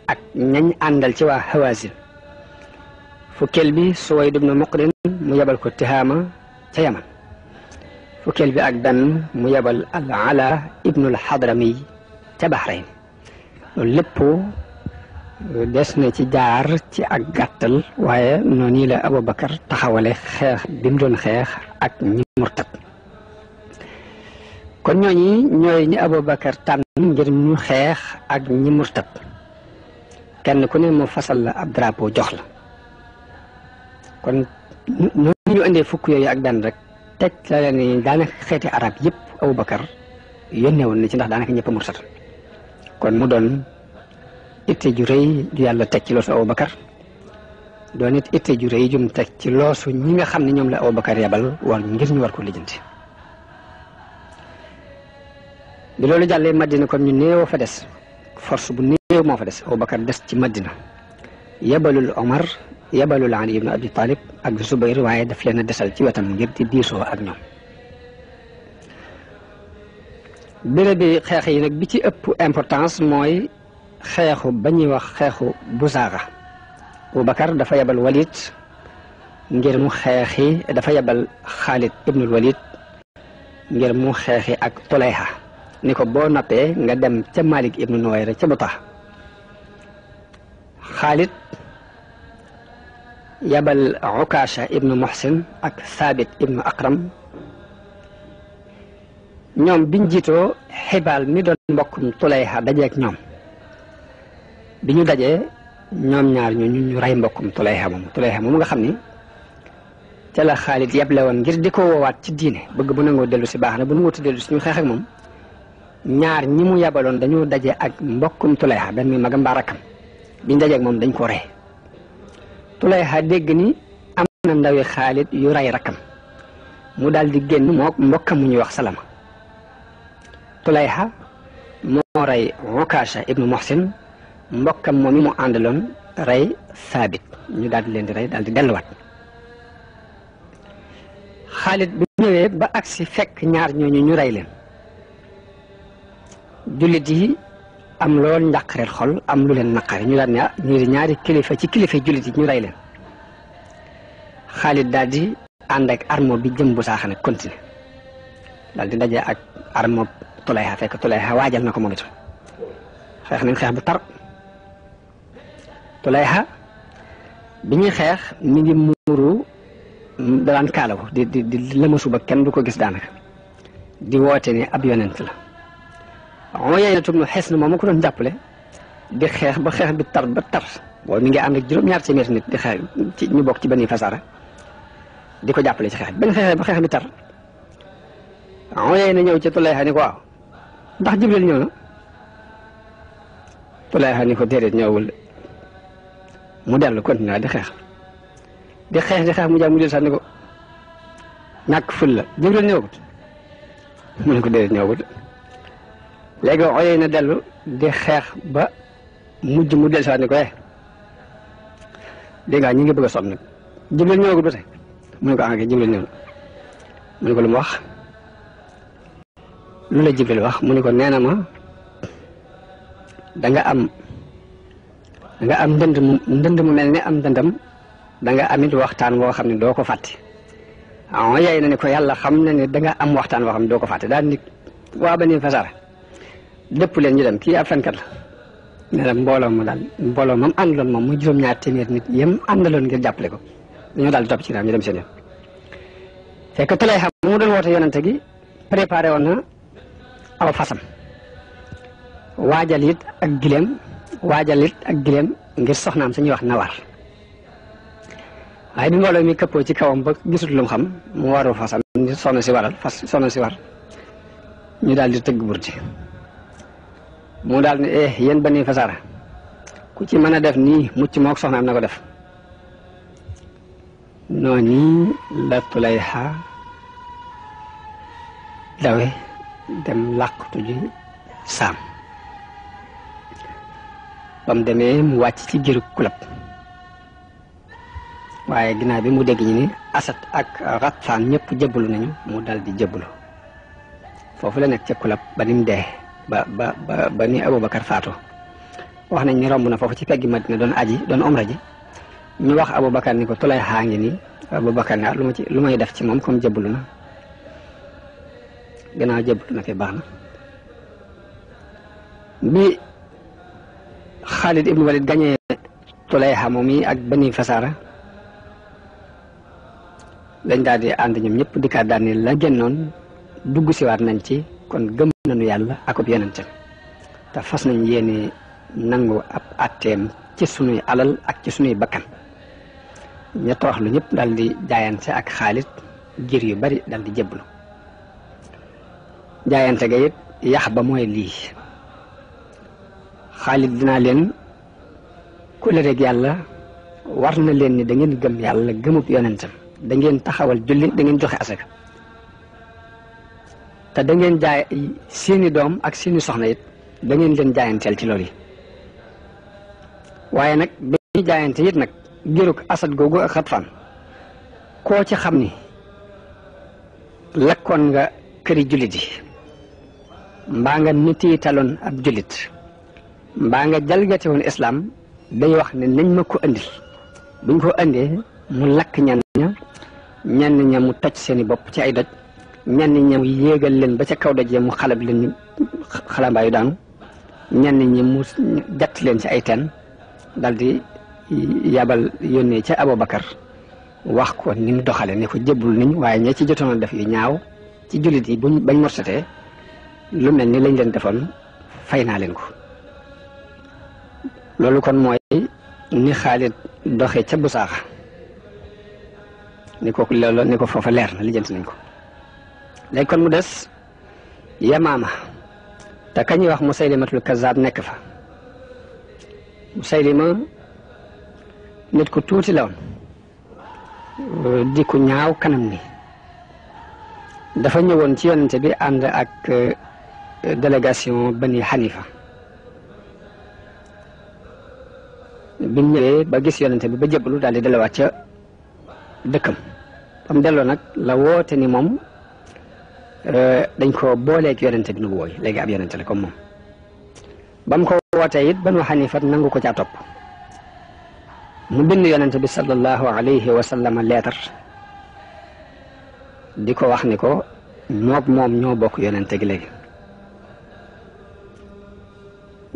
ak ñañ àndal ci waa Hawazin fukkeel bi Suwayd ibnu Muqrin mu yebal ko Tihaama ca Yaman fukkeel bi ak benn mu yebal al Ala ibnu al Hadrami ca Bahrayn lépp des na ci jaar ci ak gàttal waaye noonu la Aboubacar taxawale xeex bi mu doon xeex ak ñi murtat kon ñooñi ñooy ñi Aboubacar tànn ngir ñu xeex ak ñi murtat kenn ku ne mu fasal la ab drapeau jox la kon noonu ñu indee fukk yooyu ak benn rek teg la leen daanaka xeeti arab yëpp Aboubacar yónnee woon na ci ndax daanaka ñëpp a murtat kon mu doon itte ju rëy yàlla teg ci loosu Aboubacar doon it itte ju rëy jum teg ci loosu ñi nga xam ne ñoom la Aboubacar yabal war ngir ñu war ko lijjanti bi loolu jàllee Madina kon ñu néew fa des force bu néew moo fa des Aboubacar des ci maddina yabalul Omar yabalul Ali ibn Abi Talib ak Zubayr waaye daf leen a desal ci wetam ngir di diisoo ak ñoom béréb xex yi nak bi ci ëpp importance moy xexu bañi wax xexu xeexu bu bakkar dafa yabal Walid ngir mu xexi dafa yebal Xaalid ibnul Walid ngir mu xexi ak Tulayha niko bo boo nga dem ca Malik ibn Nuwayra ca mutah Xaalid yebal Ukaasha ibnu Muhsin ak Thabit ibnu Akram ñoom biñ jiitoo xibaal mi doon mbokkum tulayxa dajeeg ñoom bi ñu dajee ñoom ñaar ñu ñu rey mbokkum tulayxa moom tulayxa moom nga xam ni ca la Xaalid yeble woon ngir di ko woowaat ci diine bëgg bu nangoo dellu si baax na bu nu wut dellu si ñu xeex ak moom ñaar ñi mu yabaloon dañu daje ak mbokkum tulayxa benn mi magam mbaa rakkam biñ dajeeg moom dañ ko rey tulayxa dégg ni am na ndawi Xaalid yu rey rakkam mu daal di génn moo mbokkam mu ñuy wax salama Tulayha moo rey Wakaasha ibnu Muhsin mbokkam moom mi mu àndaloon rey Saabit ñu daal di leen di rey daal di delluwaat Xaalid bu ñëwee ba agsi fekk ñaar ñooñu ñu rey leen jullit yi am lool njàqareel xol am lu leen naqari ñu daal ne ah, ñii ñaari kilifa ci kilifa jullit yi ñu rey leen Xaalid daal ànd ak armo bi jëm bu saaxane continué daal di ak armo Tuleyha fekk Tuleyha waajal na ko moom itam xeex nañ xeex bu tar Tuleyha bi ñuy xeex mi ngi muuru daan kaalawu di di di lëmasu ba kenn du ko gis daanaka di woote ni ab yonent la Uyayna ibn na moom ko doon jàppale di xeex ba xeex bi tar ba tar boobu mi ngi ànd ak juróom-ñaar téeméer nit di xeex ci ñu bokk ci benn fasara di ko jàppale ci xeex bi bañ xeex bi tar na ñëw ci Tuleyha ni ko waaw ndax jibril ñëw na Tulaaha ni ko déedéet ñëwul mu dellu continué di xeex di xeex di xeex mu jaam mu jël sax ko ñàkk ful la jibril ñëwagut mu ne ko déedéet ñëwagut léegi oyee na dellu di xeex ba mujj mu del sax ko eh dégg nga ngi bëgg a sonn nag jibril ñëwagut ba tey mu ne ko ah kay jibril ñëw na mu ko lu mu wax. lu la jibril wax mu ni ko nee na ma danga am da am ndënd mu mu mel ne am ndëndam da nga amit waxtaan woo xam ne doo ko fàtte ah yaay na ne ko yàlla xam na ne da nga am waxtaan woo xam ne doo ko fàtte daal ni waa ba ni fasara dëpp leen ñu dem kii ab fenkat la ne la mbooloo mu daal mbooloo moom àndaloon moom mu juróom-ñaar téeméer nit yem àndaloon ngir jàppale ko dañoo daal di topp ci ginnaaw ñu dem seen mu doon woote yonante gi préparé woon aw fasam waajal it ak gileem waajal it ak gileem ngir soxnaam suñuy wax nawar waaye bi mbooloo mi këppoo ci kawam ba gisut lu mu xam mu waru fasam soxna si waral fas soxna si war ñu daal tëgg burti mu daal ne eh yéen bani fasara ku ci mën a def nii mucc mook soxnaam na ko def noonu la Tulayha dawe dem làqatu ji saam ba demee mu wàcc ci jërug kulab waaye ginnaaw bi mu dégg ñi ni asat ak rattaan ñëpp jëbbalu nañu mu dal di jëbbalu foofu la nekk ca kulab ba ni mu dee ba ba ba ba ni Aboubacar faatu wax nañ ni romb na foofu ci peggi Madina doon aji doon omra ji ñu wax Aboubacar ni ko tulay xaa ngi nii Aboubacar ne ah, lu ma ci lu may def ci moom comme jëbbalu na gëna jëb naké baxna bi Khalid ibn Walid gagné Tulayha momi ak Bani Fasara dañ daal di ànd ñoom ñëpp di ka daani la génnoon dugg waat nañ ci kon gëm nañu ub yenen ci ta fas nañ yéene nangu ab atteem ci sunuy alal ak ci sunuy bakkan ña lu ñëpp daal di jaayante ak Khalid jir yu bari daal di jaayante ga it yax ba mooy lii xaalit dinaa leen kule rek yàlla war na leen ni da ngeen gëm yàlla gëmub yonentam da ngeen taxawal julli da ngeen joxe asaka te da ngeen jaay seeni doom ak seeni soxna it da ngeen leen jaayanteel ci loolu waaye nag ba ñuy jaayante it nag giruk asad googu ak xatfaan koo ci xam ni lakkoon nga këri yi mbaa nga nitiitaloon ab jullit mbaa nga jalgati woon islaam day wax ne nañ ma ko andil buñ ko andee mu lakk ñan ña ñenn ña mu toj seeni bopp ci ay doj ñenn ña mu yéegal leen ba ca kaw doj ya mu xalab leen ñu xalambaayu daanu ñenn ñi mu jatt leen ci ay teen dal di yabal yónnee ca bakar wax ko ni mu doxale ne ko jébbul nañ waaye ña ci jotoon a def yu ñaaw ci jullit yi buñ bañ mortatee lu mel ni lañ leen defoon fay naa leen ko loolu kon mooy ni Xaalid doxe ca busaax ni ko loolu ni ko foofa leer na lijjanti nañ ko léegi kon mu des Yamaama te kañuy wax mu Musaylimatul Kazaab nekk fa Musaylima nit ku tuuti la woon di ñaaw kanam ni dafa ñëwoon ci yonente bi ànd ak délégation Bani Hanifa bi mu ñëwee ba gis yonente bi ba jëbbalu daal di delluwaat ca dëkkam ba mu delloo nag la woote ni moom dañ ko booleeg yonente bi nu wooy léegi ab yonente la comme moom ba mu ko wootee it Banu Hanifa nangu ko caa topp mu bind yonente bi sallallahu alayhi wa sallam leetar di ko wax ni ko moog moom ñoo bokk yonente gi léegi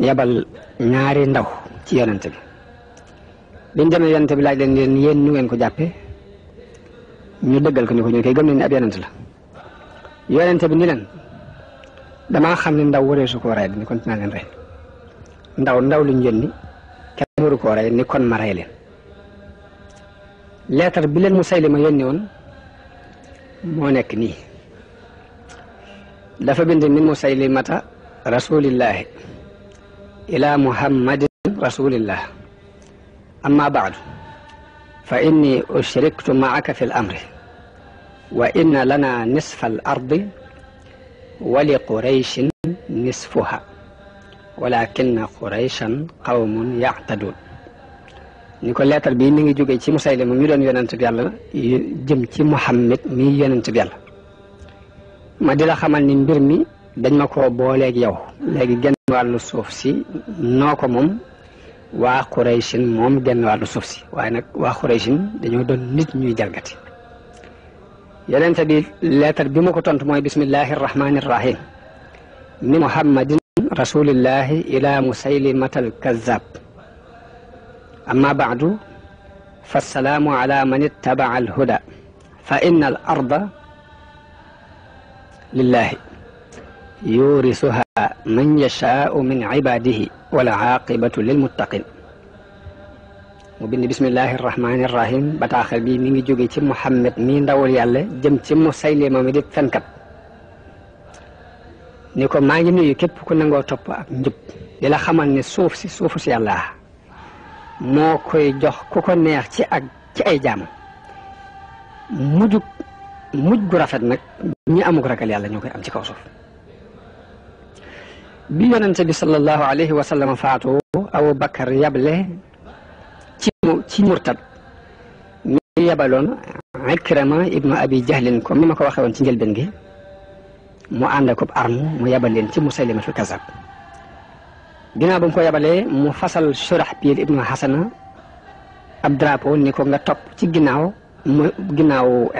يبل ناري ندو تي يونت بي بين دم يونت بي لاج لين ين يين نوين كو جابي ني دغال كو نيكو ني كاي گم ني اب يونت لا يونت بي ني لن دما خامل ندو وري سوكو راي دي كونت نالين راي ندو ندو لي نيلني كامورو كو راي ني كون ما راي لين لتر بي لين مسيلمه يوني اون مو نيك ني دا فا بنت ني مسيلمه رسول الله إلى محمد رسول الله أما بعد فإني أشركت معك في الأمر وإن لنا نصف الأرض ولقريش نصفها ولكن قريشا قوم يعتدون نقول لا تربيه نيجي جوجي تي مسائل مميرون يونان تبيالا جمتي محمد dañ ma ko ak yow léegi genn wàllu suuf si noo ko moom waa Quraysin moom genn wàllu suuf si waaye nag waa Quraysin dañoo doon nit ñuy jalgati yeneen te bi leetar bi ma ko tontu mooy bismillahi irrahmani rahim min muhammadin rasulillahi ila musaylimatal kazzab amma baadu فالسلام على من اتبع الهدى فإن arda lillahi يورثها من يشاء من عباده عاقبة للمتقين وبين بسم الله الرحمن الرحيم بتاخر بي نيغي جوغي تي محمد مي ندول يالله جيم تي مو سايلي مامي دي فنكات نيكو ماغي نوي كيب كو نانغو توپ اك نيب يلا خمال ني سوف سي سوف سي الله موكوي جوخ كوكو نيه تي اك تي اي جام موجو موجو رافت نك ني اموك ركال يالله نيوكاي ام تي كاو سوف بيونت بي صلى الله عليه وسلم فاتو أو بكر يبله تيمو تيمرتد مي عكرمه ابن ابي جهل كوم مما كو واخون تي بنغي مو اندكوب ارمو مو يبالين تي مسلمه في كذاب غينا بام كو يبالي مو فصل شرح بي ابن حسن اب درابو نيكو nga top تي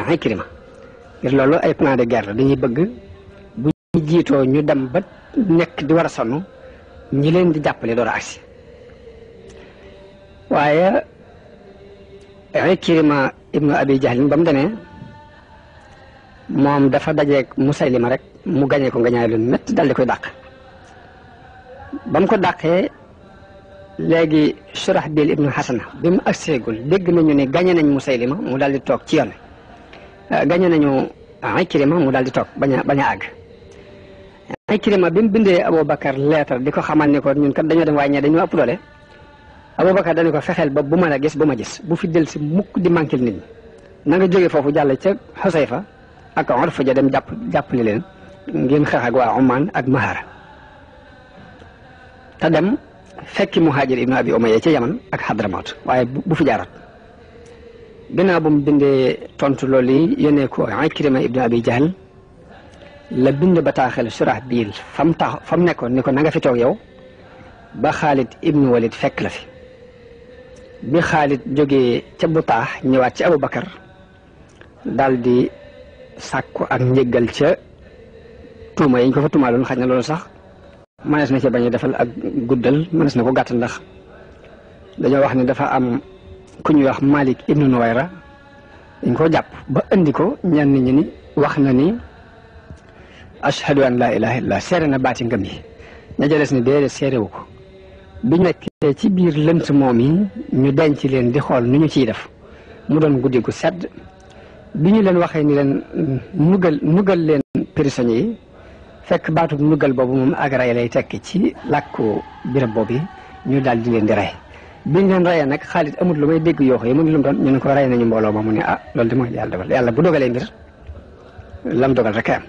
عكرمه غير لولو اي بلان دي غير دي ñu jiitoo ñu dem ba nekk di war a sonn ñi leen di jàppale door a waaye Ikrima ibnu Abi Jahlin ba mu demee moom dafa dajeek Musaylima rek mu gañee ko nga ñaay lu métti dal di koy dàq ba mu ko dàqee léegi Surahbil ibnu Hasana bi mu agseegul dégg nañu ni gañe nañ Musaylima mu daal di toog ci yoon gañe nañu Ikrima mu daal di toog bañ bañ àgg Ikrima bi mu bindee Aboubacar lettre di ko xamal ni ko ñun kat dañoo dem waaye dañoo ëpp doole Aboubacar dañu ko fexeel ba bu ma la gis bu ma gis bu fi del si mukk di manqué nit nga jógee foofu jàll ca Xusayfa ak Urfa ja dem jàpp jàppale leen ngeen waa Oman ak Mahara te dem fekki Muhaajir ibnu Abi Umayya ca Yaman ak Hadramaut waaye bu fi jaarat ginnaaw bu mu bindee tontu loolu yi yónnee ko Ikrima ibnu Abi Jahl la bind bataaxel Surahbiil fam tax fam nekkoon ni ko na nga fi toog yow ba Xaalid ibnu Walid fekk la fi bi Xaalid jógee ca Butaax ñëwaat ci Abubakar daal di sàkku ak njëggal ca tuuma yi ñu ko fa tuumaaloon xaj loolu sax mënees na ci bañ defal ak guddal mënees na ko gàtt ndax dañoo wax ni dafa am ku ñuy wax Malik ibnu Nuwayra dañ koo jàpp ba indi ko ñenn ñi ni wax na ni ashhadu an laa ilaha illallah seere na baati ngëm yi ña jëles ni déedéet seere wu ko bi ñu nekkee ci biir lënt moom yi ñu denc leen di xool nu ñu ciy def mu doon guddi gu sedd bi ñu leen waxee ni leen nugal mm, nugal leen prisonniers yi fekk baatub nugal boobu moom ak rey lay tekki ci làkku birab boobu ñu daal di leen di rey biñ leen reyee nag Xaalid amul lu may dégg yoo xam ne mu ngi lu mu doon ñu ne ko rey nañu mbooloo ba mu ne ah loolu de mooy yàlla dogal yàlla bu dogalee mbir lam dogal rek am.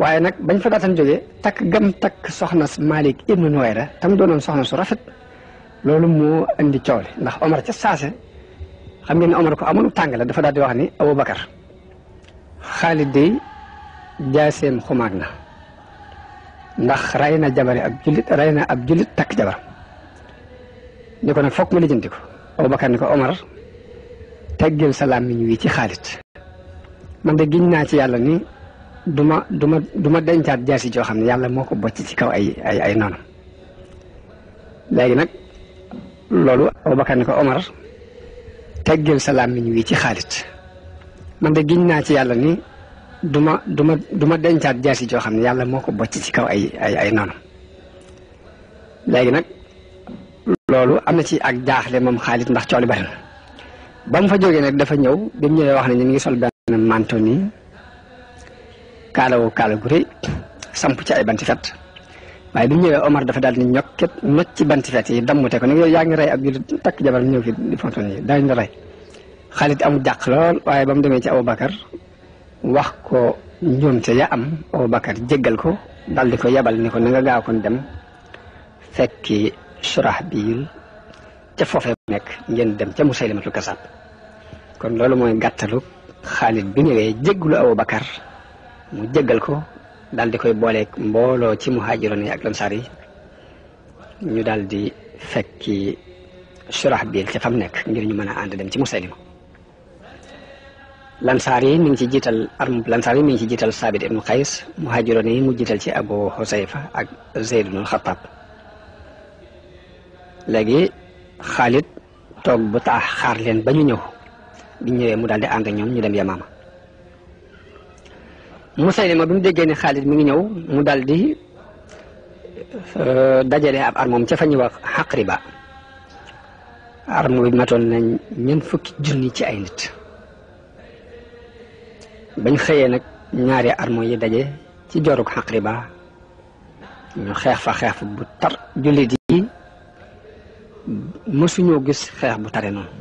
waye nak bañ fa daataan joge tak gam tak soxna Malik ibnu Nuwayra tam doon soxna su rafet loolu mo andi ciowle ndax Omar ci sase xam ngeen Omar ko amul tàng la dafa daal wax ni abou bakkar khalid de jassem khumagna ndax rayna jabar ak julit rayna ab julit tak jabar niko nak fokk foog nga lijjanti ko Aboubacar ni ko Omar teggel salam ni wi ci khalid man de giñ na ci yàlla ni du ma du ma du dencaat jaasi joo xam ne yàlla moo ko bocc ci kaw ay ay ay noonam léegi nag loolu ne ko Omar teggeel sa làmmiñ wi ci xaalit man de giñ naa ci yàlla ni du ma du ma du dencaat jaasi joo xam ne yàlla moo ko bocc ci kaw ay ay ay noonam léegi nag loolu am na ci ak jaaxle moom xaalit ndax cooli bari na ba mu fa jógee nag dafa ñëw bi ñëwee wax ne ñu ngi sol benn manto nii kaalawu kaala gu rëy samp ci ay banti fet waaye bi ñëwee Omar dafa daal di ñokket ñokk ci banti fet yi dammute ko ni yow yaa ngi rey ab jullit takk jabar ñëw fi di fonton yi la waaye ba mu demee ci Aboubacar wax ko njuumte ya am Aboubacar jéggal ko daal di ko yabal ni ko na nga gaaw kon dem fekki Surahbiil ca foofee nekk ngeen dem ca Musaylimatul Kasaab kon loolu mooy gàttalu Xaalid bi ñëwee jéggalu Aboubacar mu jëggal ko daal di koy booleek mbooloo ci muhaajiroon yi ak lamsaar yi ñu daal di fekki Surahbil ci fam nekk ngir ñu mën a ànd dem ci Musaylima lansaar yi mi ngi ci jiital armub lansaar yi mi ngi ci jiital Saabit ibnu Qays muhaajiroon yi mu jiital ci Abu Husayfa ak Zayd ibnu Xattaab léegi Xaalid toog bu taax xaar leen ba ñu ñëw bi ñëwee mu daal di ànd ak ñoom ñu dem Yamaama Musaylima bi mu déggee ni Xaalid mu ngi ñëw mu dal di euh, dajale ab armoom ca fa ñuy wax xaqriba armo bi matoon nañ ñeent fukki junni ci ay nit bañ xëyee nag ñaari armo yi daje ci jorug xaqriba ñu xeex fa xeex bu tar jullit yi mësuñoo gis xeex bu tare noonu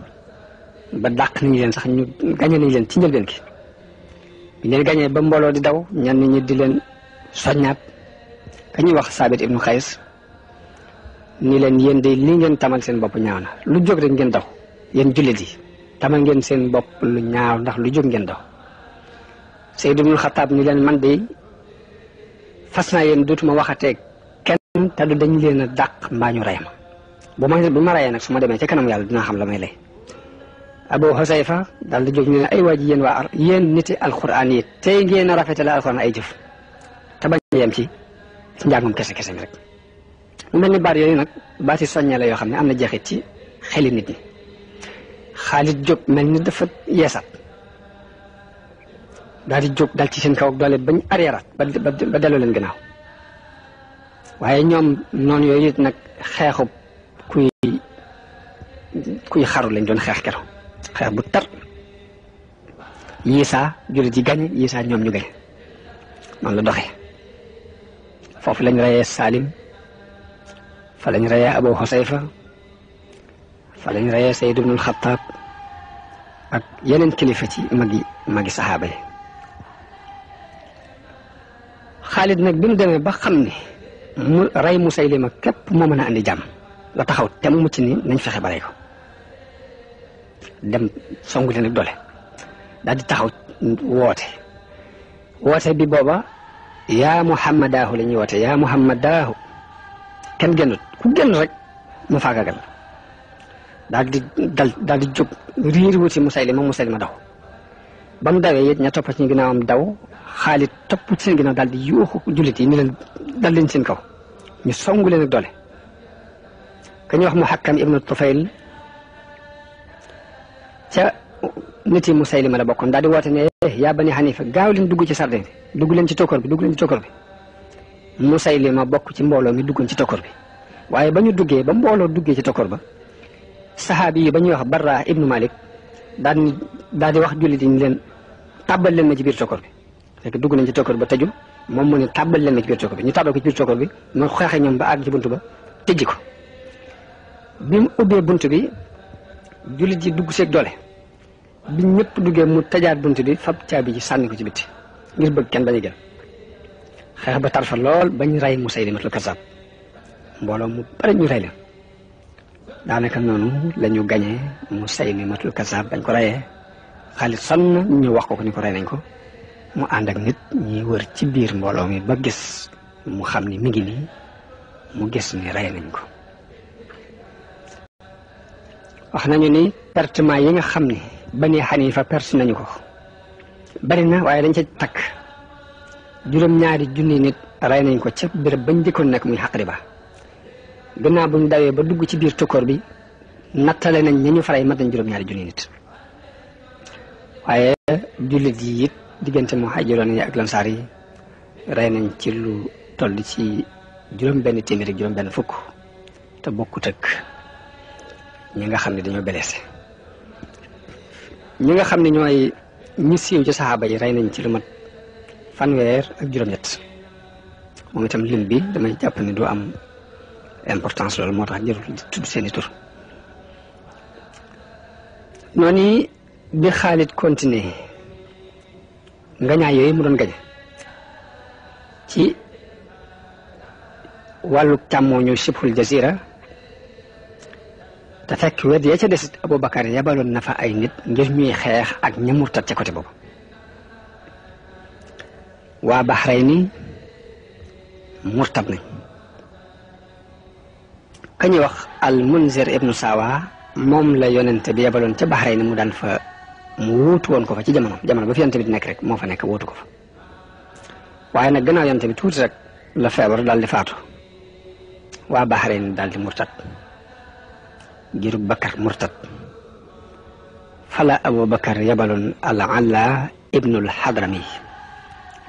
ba daq nañ leen sax ñu gañe nañ leen ci njëlbeen gi bi leen ba mbolo di daw ñan ñi di len soñat kañu wax sabit ibnu xays ni len yeen de li ngeen tamal seen bop ñaawna na lu jog rek ngeen daw yeen jullit yi tamal ngeen seen bop lu ñaaw ndax lu jog ngeen daw Seyd ibnu khattab ni len man de fasna yeen dutuma waxate kenn du dañ leena dak rayma bu ma bu ma raye nak suma ci kanam yalla dina xam lamay lay أبو Xusayfa دال di jóg ñu ne ay waa ji yéen waa ar yéen niti alxuraan yi tey ngeen a rafetale alxuraan ay jëf te bañ a yem ci njàngum kese kese mi rek. mu mel ni baat yooyu nag baati soññee la yoo xam ne am دال jeexit ci xeli nit ñi Xaalid jóg mel ni dafa yeesat daal di jóg dal kuy kuy xaru lañ doon xex kéro xeex bu tar yiisaa jullit yi gañ yiisaa ñoom ñu gañ noonu la doxee foofu lañ reyee Salim fa lañ reyee Abu Xosayfa fa lañ reyee Sayd ibnul Xattaab ak yeneen kilifa ci magi magi saxaaba yi Xaalid nag bi mu demee ba xam ne mu rey Musaylima képp moo mën a andi jàmm la taxaw tem mu ci ni nañ fexe ba ko dem songu leen ak doole daal di taxaw woote woote bi booba yaa muhammadaahu la ñuy woote yaa muhammadaahu kenn génnut ku génn rek mu faagagal daal di dal daal di jóg riir wuti Musaylima Musaylima daw ba mu dawee ña topp ci ginnaawam daw Xaalid topp ci seen daal di yuuxu jullit yi ni leen dal leen seen kaw ñu songu leen ak doole. ka ñuy wax Muhakkam ibnu Tufayl ca nit yi ma la bokkoon daal di woote ne eh, yaa bani Xanifa gaaw leen dugg ci sardin bi dugg leen ci tokkoor bi dugg leen ci tokkoor bi Musaylima bokk ci mbooloo mi duggoon ci tokkoor bi waaye ba ñu duggee ba mbooloo duggee ci tokkoor ba saxaabi yi ba ñuy wax Barra ibnu Malik daan daal di wax jullit yi leen tàbbal leen ma ci biir tokkoor bi fekk dugg nañ ci tokkoor ba tëju moom mu ne tàbbal leen ma ci biir tokkoor bi ñu tàbbal ko ci biir tokkoor bi mu xeexe ñoom ba àgg ci bunt ba tëjji ko bi bunt bi jullit ji dugg seeg doole bi ñëpp duggee mu tajaat bunt bi fab caabi ji sànni ko ci biti ngir bëgg kenn bañ a jël xeex ba tarfa lool bañ rey Musaylimatul Kazzab mbooloo mu bare ñu rey leen daanaka noonu la ñu gañee matul Kazzab bañ ko reyee xaalis sonn na ñu wax ko ko ni ko rey nañ ko mu ànd ak nit ñuy wër ci biir mbooloo mi ba gis mu xam ni mi ngi nii mu gis ni rey nañ ko wax nañu ni pertement yi nga xam ni bani xanifa perte nañu ko bari na waaye dañ ca takk juróom-ñaari junni nit rey nañ ko ca béréb bañ dikkoon nekk muy ba gannaaw bu ñu dawee ba dugg ci biir tokkoor bi nattale nañ ñi ñu faray mat nañ juróom-ñaari junni nit waaye jullit yi it diggante muhaajiroon yi ak lansaar yi rey nañ ci lu toll ci juróom benn téeméer juróom benn fukk te bokkut ak ñi nga xam ne dañoo blessé ñi nga xam ne ñooy ñi siiw ci saxaaba yi rey nañ ci lu mat fanweer ak juróom-ñett moom itam lim bi damay jàpp ne du am importance loolu moo tax jërul tudd seen i tur noonu bi Xaalid continué ngañaay yooyu mu doon gañe ci wàllu càmmoo ñu sibxul jazira te fekk wedd ya ca desit Aboubacar yabaloon na fa ay nit ngir ñuy xeex ak ña murtat ca côté boobu waa Bahrayn murtat nañ ka ñuy wax al Munzir ibnu Sawa moom la yonent bi yabaloon ca Bahrayn mu daan fa mu wuutu woon ko fa ci jamono jamono ba fi yonent bi di nekk rek moo fa nekk wuutu ko fa waaye nag gannaaw yonent bi tuuti rek la feebar daal di faatu waa Bahrayn daal di murtat جير بكر مرتد فلا أبو بكر يبل العلا ابن الحضرمي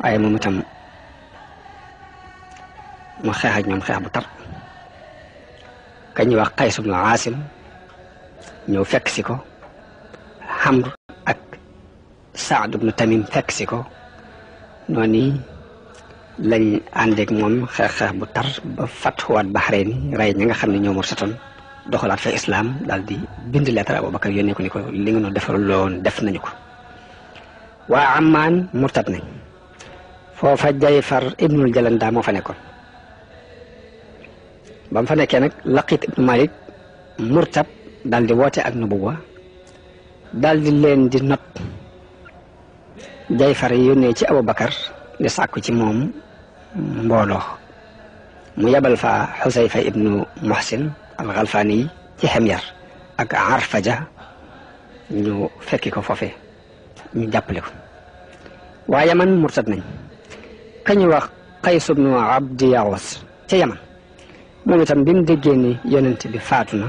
أي ممتم مخيها جنم خيها بطر كان يوى قيس بن عاصم نيو فكسيكو حمر أك سعد بن تميم فكسيكو نوني لن عندك موم خيخ بطر بفتح البحرين رأي نيغا خمي نيو مرسطن doxalaat sa islam daal di bind lettre abou Aboubacar yónnee ko ni ko li nga nu defal loon def nañu ko waa Amman murtat nañ foofa far ibnul Jalanda moo fa nekkoon ba mu fa nekkee nag Laqit ibnu Malik murtat daal di woote ak nubuwa daal di leen di not Jayfar yónnee ci Aboubacar di sàkku ci moom mbooloo mu yebal fa Xusayfa ibnu Muhsin الغلفاني تي حمير اك عار فجا نيو فكي كو فوفي ني جابليو وايا من مرتد نني كاني واخ قيس بن عبد ياوس تي يمن مومي تام بيم دجيني يوننتي بي فاتنا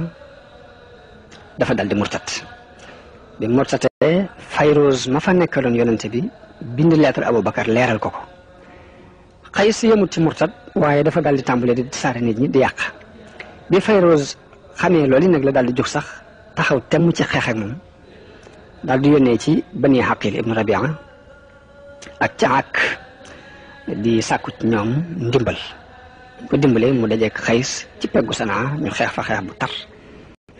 دا فا دال دي مرتد بي مرتد فيروز ما فا نيكالون يوننتي بي بيند لاتر ابو بكر ليرال كوكو قيس يمو تي مرتد وايا دا فا دال دي تامبلي دي ساري نيت ني دي يقا bi fayroz xamé loolu nak la dal di jox sax taxaw tem ci xex ak mom dal di yone ci bani haqil ibn rabia ak ca di sàkku ci ñom ndimbal ko dimbalé mu ak khays ci peggu sana ñu xex fa xex bu tar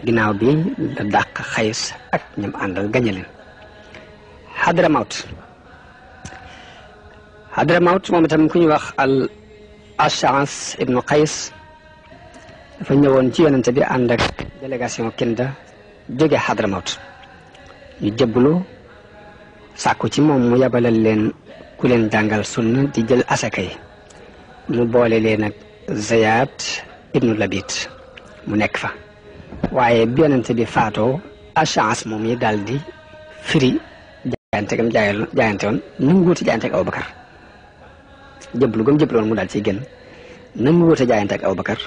ginaaw bi da dak khays ak ñam àndal gañe leen Hadramawt Hadramawt moom itam ku ñu wax al Ash'as ibn qais dafa ñëwoon ci yonente bi ànd ak délégation Kinda jóge Xadramawt ñu jëbblu sàkku ci moom mu yabalal leen ku leen jàngal sunna di jël asaka yi mu boole leen ak Zayaat ibnu Labit mu nekk fa waaye bi yonente bi faatoo achans moom yi daal di firi jaayante gam jaayante woon nanguwuute jaayante ak Abubakar jëbblu gam jëbbloon mu dal daal ciy génn nanguwuute jaayante ak Abubakar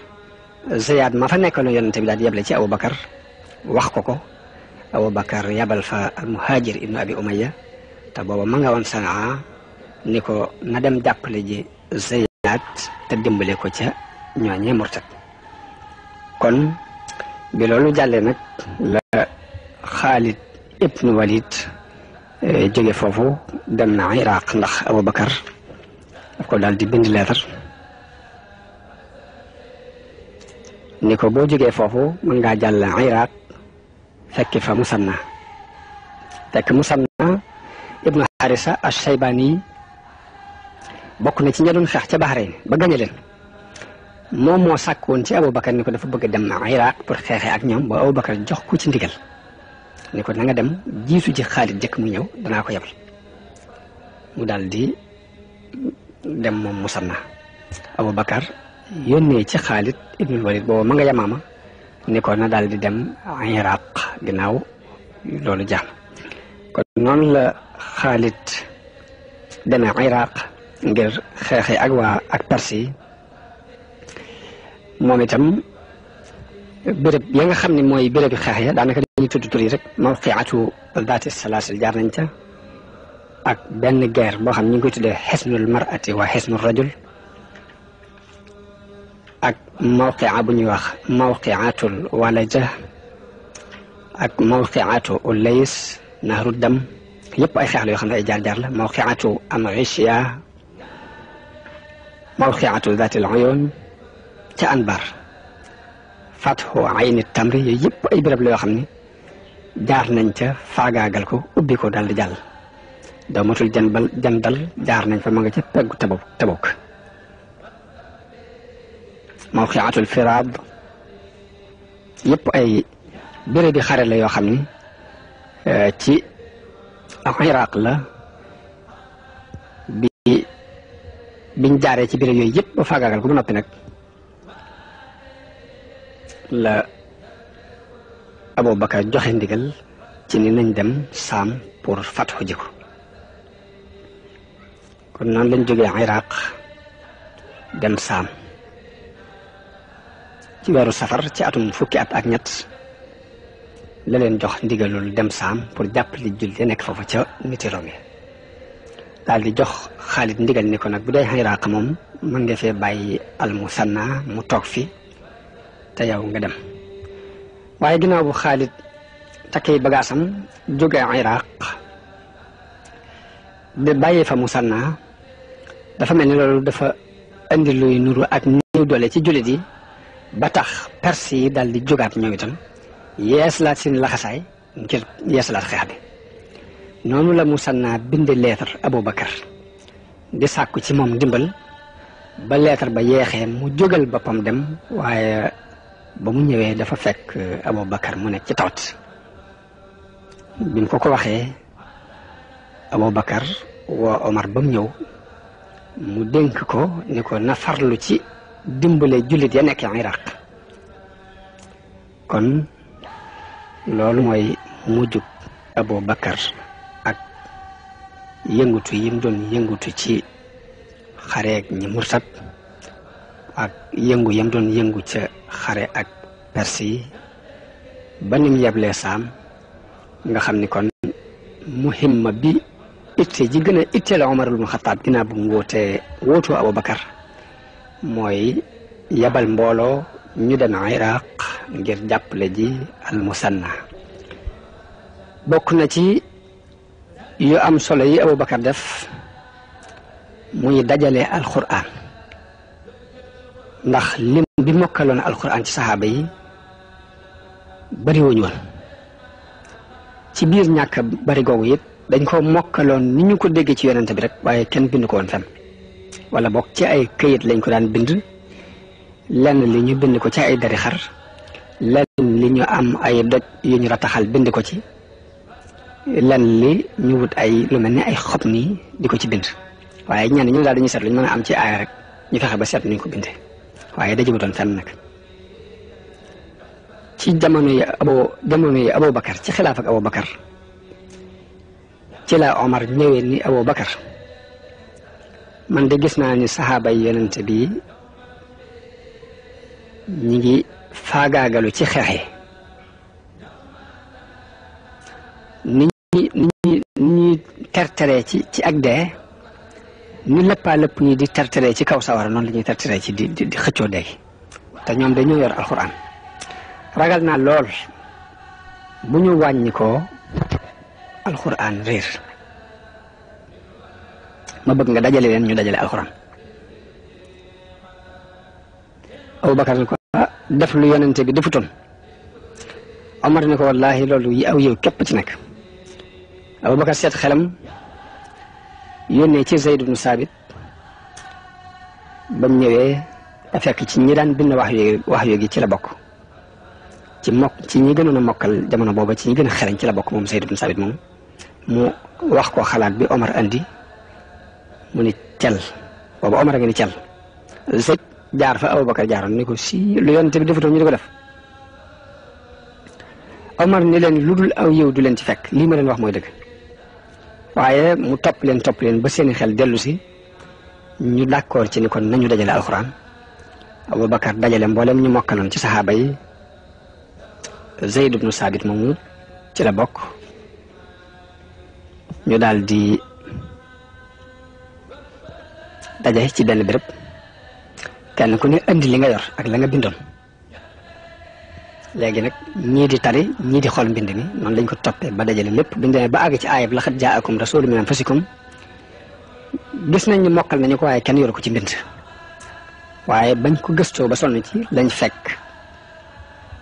زياد ما فنه كانوا يونت بلاد يبل ابو بكر واخ كوكو ابو بكر يبل فا المهاجر ابن ابي اميه تا بابا ماغا وون صنعاء نيكو ندم جابلي جي زياد تا ديمبلي كو تيا نياني مرتد كون بي لولو جالي لا خالد ابن وليد جيلي فوفو دم العراق نخ ابو بكر كو دال دي بند ليتر ni ko boo jógee foofu mën ngaa jàll Iraq fekki fa Musanna fekk Musanna ibnu Harisa ash-Shaybani bokk na ci ña doon xeex ca Bahrain ba gañe leen moom moo sàkk woon ci Aboubacar ni ko dafa bëgg dem Iraq pour xeexee ak ñoom ba Aboubacar jox ko ci ndigal ni ko na dem jiitu ji Xaalid jëkk mu ñëw danaa ko yabal mu daal di dem moom Musanna Aboubacar yonne ci khalid ibnul Walid bo ma nga yamama ne ko na dal di dem Iraq ginnaaw loolu jeex na kon non la khalid dem demee Iraq ngir xexi ak wa ak parsi yi moom itam béréb ya nga xam ne mooy bérébi xeex ya daanaka dañuy tudd tur yi rek mawqiatu daati salaasil jaar nañ ca ak benn guerre boo xam ñu ngi koy tuddee xisnul marati wa xisnul rajul ak mawqia bu ñuy wax mawqiatul walaja ak mawqiatu ulays nahru dam yëpp ay xeex la yoo xam ne ay jaar-jaar la mawqiatu amishia mawqiatu dati al'uyun ca anbar fathu ayni tamri yooyu yëpp ay béréb la yoo xam ne jaar nañ ca faagaagal ko ubbi ko dal di jàll doomatul jan bal jan dal jaar nañ fa ma nga ca peggu tabuk tabuk موقعة الفراد يبقى أي بريد خارج ليو خمني آه، تي العراق لا بين جاري تي بريد يب فاقا قال كمنا لا أبو بكر جوهن ديغل تيني نندم سام بور فتح جيكو كنا لنجوغي عراق دم سام ci weeru safar ci atum fukki at ak ñett la leen jox ndigalul dem saam pour jàppali jullit ya nekk foofu ca Mitéromé daal di jox xaalit ndigal ni ko nag bu dee Xiraaq moom mën nga fee bàyyi almusanna mu toog fi te yow nga dem waaye ginnaaw bu xaalit takkee bagaasam jóge Iraq de bàyyee fa musanna dafa mel ni loolu dafa indi luy nuru ak néew doole ci jullit yi ba tax perse yi daal di jógaat ñoom itam yeeslaat seen laxasaay ngir yeeslaat xeex bi noonu la Musanna bind abu Aboubacar di sàkku ci moom ndimbal ba lettre ba yeexee mu jógal boppam dem waaye ba mu ñëwee dafa fekk bakar mu nekk ci tawat bi mu ko ko waxee Aboubacar woo Omar ba mu ñëw mu dénk ko ni ko na ci dimbale jullit ya nekk iraq kon loolu mooy mujjub Abu Bakar ak yëngutu yi mu doon yëngutu ci xareeg ñi murtat ak yëngu yam doon yëngu ca xare ak perse yi ba nim yeblee saam nga xam ni kon muhimma bi itte ji gën a itteel Omar ibn Xattaab ginnaaw bu mu wootee Abu Bakar mooy yabal mbooloo ñu dem iraq ngir jàppale ji al musanna bokk na ci yu am solo yi Aboubacar def muy dajale alquran ndax lim bi mokkaloon alquran ci saxaaba yi bariwuñ woon ci biir ñàkk bari googu it dañ ko mokkaloon ni ñu ko déggee ci yonente bi rek waaye kenn bind ko woon fenn wala bokk ci ay këyit lañ ko daan bind lenn li ñu bind ko ci ay dari xar lenn li ñu am ay doj yu ñu rataxal bind ko ci lenn li ñu wut ay lu mel ni ay xob nii di ko ci bind waaye ñenn ñoom daal dañuy seet lu ñu mën a am ci aaya rek ñu fexe ba seet nuñ ko bindee waaye daje bu doon fenn nag ci jamono yi abo jamono yi abou bakar ci xilaaf ak abou bakar ci la omar ñëwee ni abou bakar man de gis naa ni saxaaba yi yonent bi ñi ngi faagaagalu ci xeexe ni ñi ni ñi tertere ci ci ak dee ni lëppaa lëpp ñi di tertere ci kaw sawara noonu la ñuy tertere ci di di xëccoo dee te ñoom dañoo yor alxuraan ragal naa lool bu ñu wàññikoo ko alxuraan réer ma bëgg nga dajale leen ñu dajale alxuraan Abubakar ne ko ah, def lu yonente bi defutoon Omar ne ko wallaahi loolu yi aw yow képp ci nekk Abubakar seet xelam yónnee ci Zayd ibnu Saabit ba mu ñëwee a fekk ci ñi daan bind wax yooyu wax yooyu ci la bokk ci mokk ci ñi gën a mokkal jamono booba ci ñi gën a xereñ ci la bokk moom Zayd ibnu Saabit moom mu wax ko xalaat bi Omar andi mu ni tel boobu Omar a ngi ni tel sëj jaar fa Aboubacar jaaroon ni ko si lu yonent bi defutoon ñu di ko def Omar ni leen lu dul aw yow du leen ci fekk lii ma leen wax mooy dëgg waaye mu topp leen topp leen ba seeni xel dellusi ñu d'accord ci ni kon nañu dajale alxuraan Aboubacar dajale mboolem ñu mokkaloon ci saxaaba yi Zayd ibnu Saabit moom ci la bokk ñu daal daje ci benn béréb kenn ku ne andi li nga yor ak la nga bindoon léegi nag ñii di tari ñii di xool mbind mi noonu lañ ko toppee ba dajale lépp biñ demee ba àgg ci aayab laxat jaakum rasulun min anfusikum gis nañ ni mokkal nañu ko waaye kenn yoru ko ci mbind waaye bañ ko gëstoo ba sonn ci lañ fekk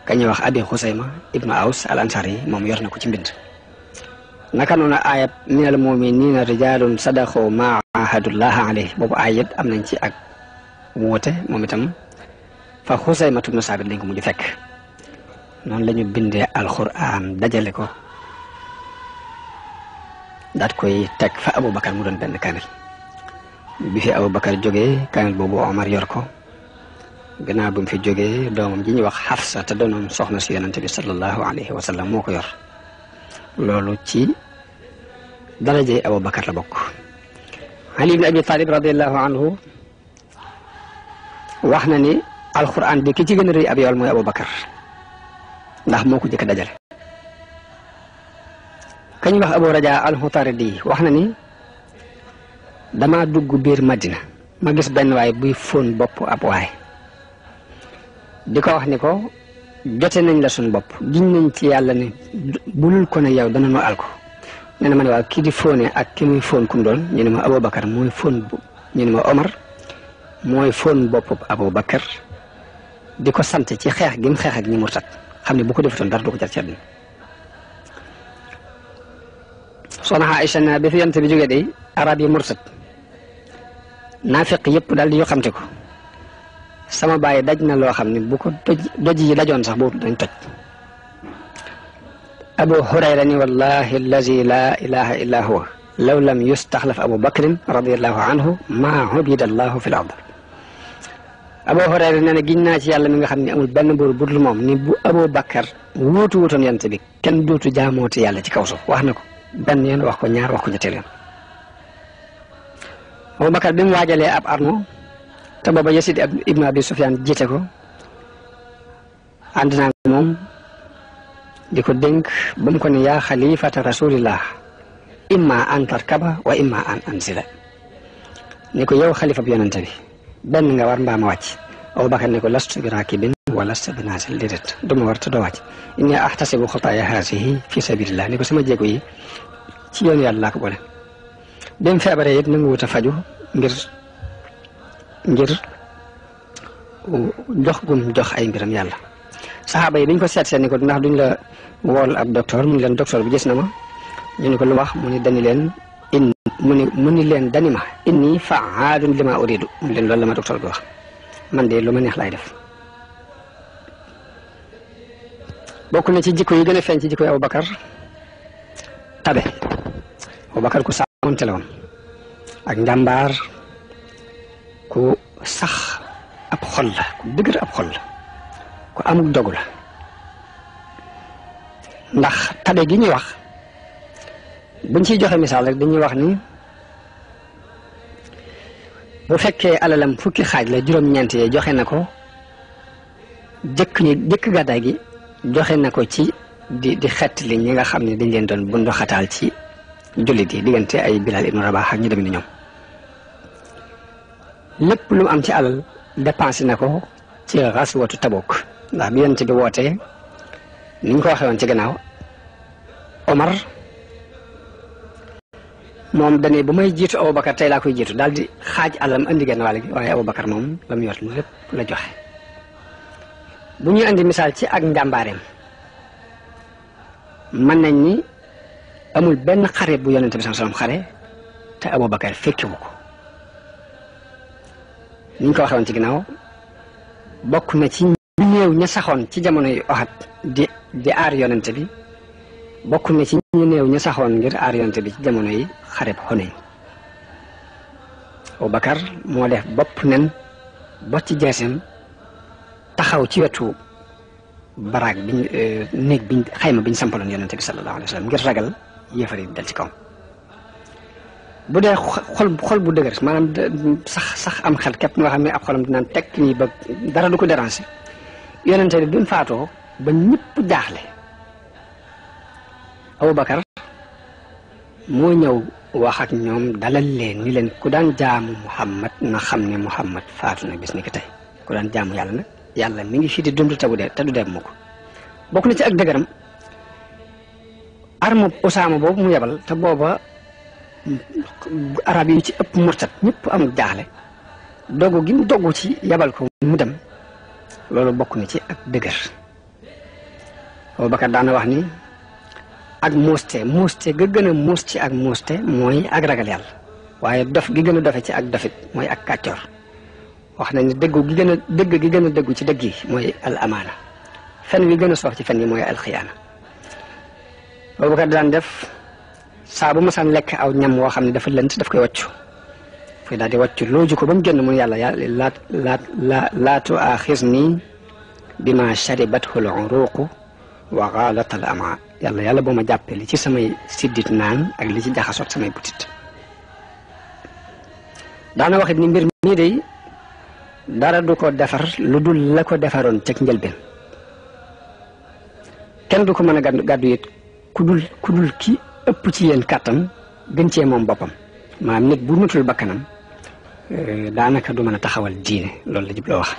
ka wax abi xusayma ibnu aws al moom yor na ko ci mbind نكنو آية من المؤمنين رجال صدقوا ما عهد الله عليه بوب آية أم نانتي أك موتة مومتم فخوزي ما تبنو سابر لنكم جفك نون لن يبند القرآن دجالكو دات كوي تك فأبو بكر مدن بند كامل بفي أبو بكر جوغي كان بوبو عمر يوركو غنا بوم في جوغي دومم جي ني وخ حفصه تدونم سخنا سيدنا النبي صلى الله عليه وسلم موكو يور loolu ci darajey Aboubacar la bokk Ali ibn Abi Talib radiallahu anhu wax na ni alquran bi ki ci gën a rëy ab yool mooy Aboubacar ndax moo ko jëkk dajale kañ wax Abu Raja al-Mutaridi wax na ni dama dugg biir Madina ma gis benn waay buy fóon bopp ab waay di ko wax ni ko jote nañ la suñ bopp giñ nañ ci yàlla ne bulul ko ne yow dana nu àl ko nee ma waaw kii di fóone ak ki muy fóon kum doon ñu ne ma Aboubacar mooy fóon bopp ne ma Omar di ko sant ci xeex gi mu xeex ak ñi murtat xam ne bu ko defatoon dara du ko jar ci àdduna soxna Aïcha na bi fi yonent bi jógee day arab yi murtat naafiq yëpp daal di yoo xamte ko sama baye daj na lo xamni bu ko doj yi dajon sax bo dañ toj abu hurayra ni wallahi allazi la ilaha illa huwa law lam yustakhlaf abu bakr radiyallahu anhu ma hubida allah fi l ard abu hurayra ne na giñ naa ci yàlla mi nga xamni amul ben bur budul mom ni bu abu bakar wotu woton yent bi ken dootu jaamooti yàlla ci kawso wax nako ben yeen wax ko ñaar wax ko ñettel yeen abu bakar bi wajale ab arno te booba Yasid ibnu Abi Sufyaan jiite ko ànd naa di ko dénk ba ko ne yaa xalifata rasulillah imma an tarkaba wa imma an anzila ni ko yow xalifa bi yonente bi benn nga war mbaama wàcc Abubakar ne ko lastu bi raakibin wa lastu bi naazil déedéet du ma war te doo wàcc inni ahtasibu xataaya haasihi fi sabilillah ni ko sama jéego yi ci yoon yàlla ko boole bi mu feebaree it nangu wut a faju ngir dox gum dox ay mbiram yalla sahaba yi dañ ko seet seen ko ndax duñ la wol ak docteur mu len docteur bi gis na ma ñu ko lu wax mu ni len in mu ni mu ni len dani ma inni faalun lima uridu mu len lol la ma docteur bi wax man de lu ma neex lay def bokku na ci jikko yi gëna fën ci jikko Abubakar tabe Abubakar ku sa la ak ku sax ab xol la ku dëgër ab xol la ku amul dogu la ndax tabe gi ñuy wax buñ ciy joxe misaal rek dañuy wax ni bu fekkee alalam fukki xaaj la juróom-ñeent yee joxe na ko jëkk ñi jëkk gàddaay gi joxe na ko ci di di xett li ñi nga xam ni dañ leen doon bundu xataal ci jullit yi diggante ay Bilal ibnu Rabaax ak ñu dem ni ñoom lépp lu mu am ci alal dépensé na ko ci xaswatu Tabuk ndax bi yonent bi wootee ni ñu ko waxee woon ci gannaaw Omar moom dañuy bu may jiitu Aboubacar tey laa koy jiitu daal di xaaj alam andi genn wàll gi waaye Aboubacar moom la mu yor lépp la joxe bu ñuy andi misaal ci ak njàmbaareem mën nañ ni amul benn xare bu yonent bi sallallahu alayhi wasallam xare te Aboubacar fekkiwu ko niñ ñu ko waxee ci ginnaaw bokk na ci ñu néew ña saxoon ci jamono yu oxat di di aar yonante bi bokk na ci ñu néew ña saxoon ngir aar yonante bi ci jamono yi xareb Xunayn Abubakar moo def bopp nen ba ci jeesem taxaw ci wetu baraag biñ eh, néeg biñ xayma biñ sampaloon yonante bi sallallahu alayhi wa sallam ngir ragal yéefar yi dal ci kaw bu dee xol xol bu dëgër maanaam sax sax am xel képp nga xam ne ab xolam dinaan tekk nii ba dara du ko déranger yonente bi bi mu faatoo ba ñëpp jaaxle Aboubacar mooy ñëw wax ak ñoom dalal leen ni leen ku daan jaamu Muhammad na xam ne Muhammad faatu na bis ni ko tey ku daan jaamu yàlla nag yàlla mi ngi fii di dund te du dee te du dee mu ko bokk na ci ak dëgëram arme Usaama boobu mu yebal te booba arab yi ci ëpp murtat ñëpp amul jaaxle dogu gi mu dogu ci yabal ko mu dem loolu bokk na ci ak dëgër Abubakar daana wax ni ak muuste muuste ga gën a muus ci ak muuste mooy ak ragal yàlla waaye dof gi gën a dofe ci ak dofit mooy ak kàccoor wax nañ ni dëggu gi gën dëgg gi gën a dëggu ci dëgg yi mooy al amaana fen wi gën a soof ci fen yi mooy alxiyaana Abubakar daan def saa bu masaan lekk aw ñam woo xam ne dafa lënt daf koy wàccu fay daal di wàccu looju ko ba mu génn mun yàlla yàlla laat laat laa laatu axis nii bima sharibathu l uruqu wa gaalat al ama yàlla yàlla boo ma jàppee li ci samay siddit naan ak li ci jaxasoot samay butit daana waxit ni mbir mii day dara du ko defar lu dul la ko defaroon cek njëlbeen kenn du ko mën a gàddu it ku ki ëpp ci yéen kàttan gën cee moom boppam maa nit bu matul bakkanam euh, daanaka du mën a taxawal diine loolu la jubloo wax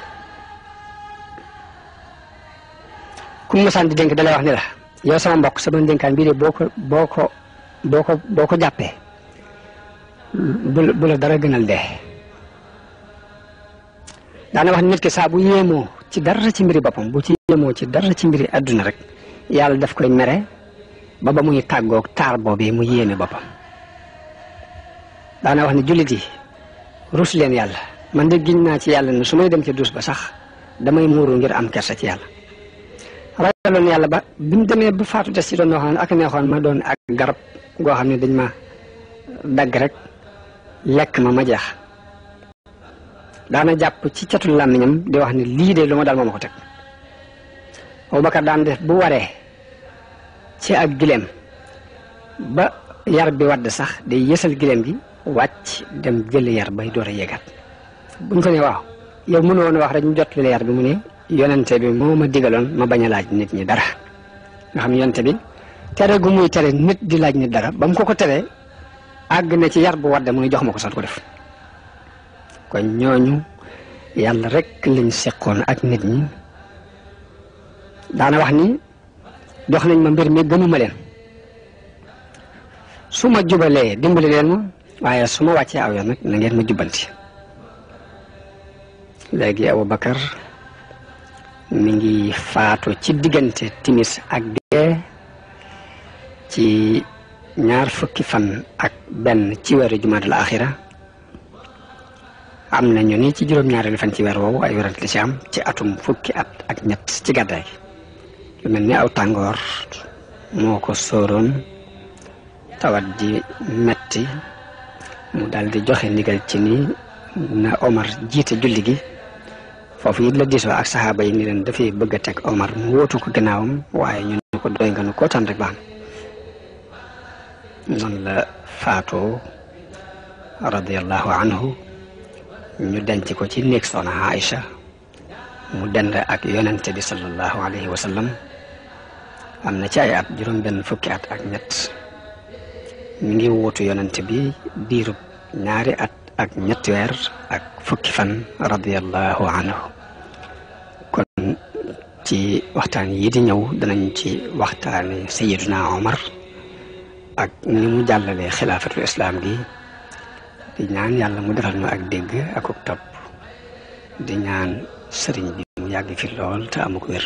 ku masaan di dénk dalay wax ni la yow sama mbokk sama dénkaan bii de boo ko boo ko boo ko boo ko jàppee bu la dara gënal dee daana wax nit ki saa bu yéemoo ci dara ci mbiri boppam bu ci yéemoo ci dara ci mbiri àdduna rek yàlla daf koy mere ba ba muy tàggoog taar boobee mu yéene boppam daana wax ne jullit yi rus leen yàlla man de giñ naa ci yàlla ne su may dem ci dus ba sax damay muuru ngir am kersa ci yàlla ragaloon yàlla ba bi mu demee ba faatu des ci doon na waxoon ak neexoon ma doon ak garab goo xam ne dañ ma dagg rek lekk ma ma jeex daana jàpp ci catul làmmiñam di wax ne lii de lu ma dal ma ko teg Abubakar daan def bu waree ci ak gileem ba yar bi wadd sax day yësal gileem gi wàcc dem jël yar bay door a yéegat buñ ko ne waaw yow mënu woon wax rek ñu jot li yar bi mu ne yonente bi moo ma digaloon ma bañ laaj nit ñi dara nga xam yonente bi tere gu muy tere nit di laaj nit dara ba mu ko ko teree àgg na ci yar bu wadde mu ne jox ma ko sax ko def kon ñooñu yàlla rek lañ seqoon ak nit ñi daana wax ni dox nañ ma mbir mi gëmuma leen su ma jubalee dimbali leen ma waaye su ma wàccee aw yoon nag na ngeen ma jubanti léegi mi ngi faatu ci diggante timis ak dee ci ñaar fukki fan ak benn ci weeru la axira am na ñu ni ci juróom-ñaareelu fan ci weer woowu ay werante li ci am ci atum fukki at ak ñett ci gàddaay ملني أو تانغور موكو سورون تودي متي مودال دي جوخي نيغال تيني نا عمر جيت جوليغي فوفو يدلا ديسو اك صحابه يي نيلن دافي بيغا تك عمر ووتو كو غناوم واي ني نكو دوينغانو كو تان رك بان نون لا فاتو رضي الله عنه ني دنتي كو تي نيكسون عائشه مو دند اك يونانتي صلى الله عليه وسلم am na ci ay at juróom benn fukki at ak ñett mi ngi wuutu yonent bi diirub ñaari at ak ñetti weer ak fukki fan radiyallahu anhu kon ci waxtaan yi di ñëw danañ ci waxtaane sayiduna omar ak ni mu jàllalee xilaafatul islaam gi di ñaan yàlla mu defal ñu ak dégg ak topp di ñaan sëriñ bi mu yàgg fi lool te amuk wér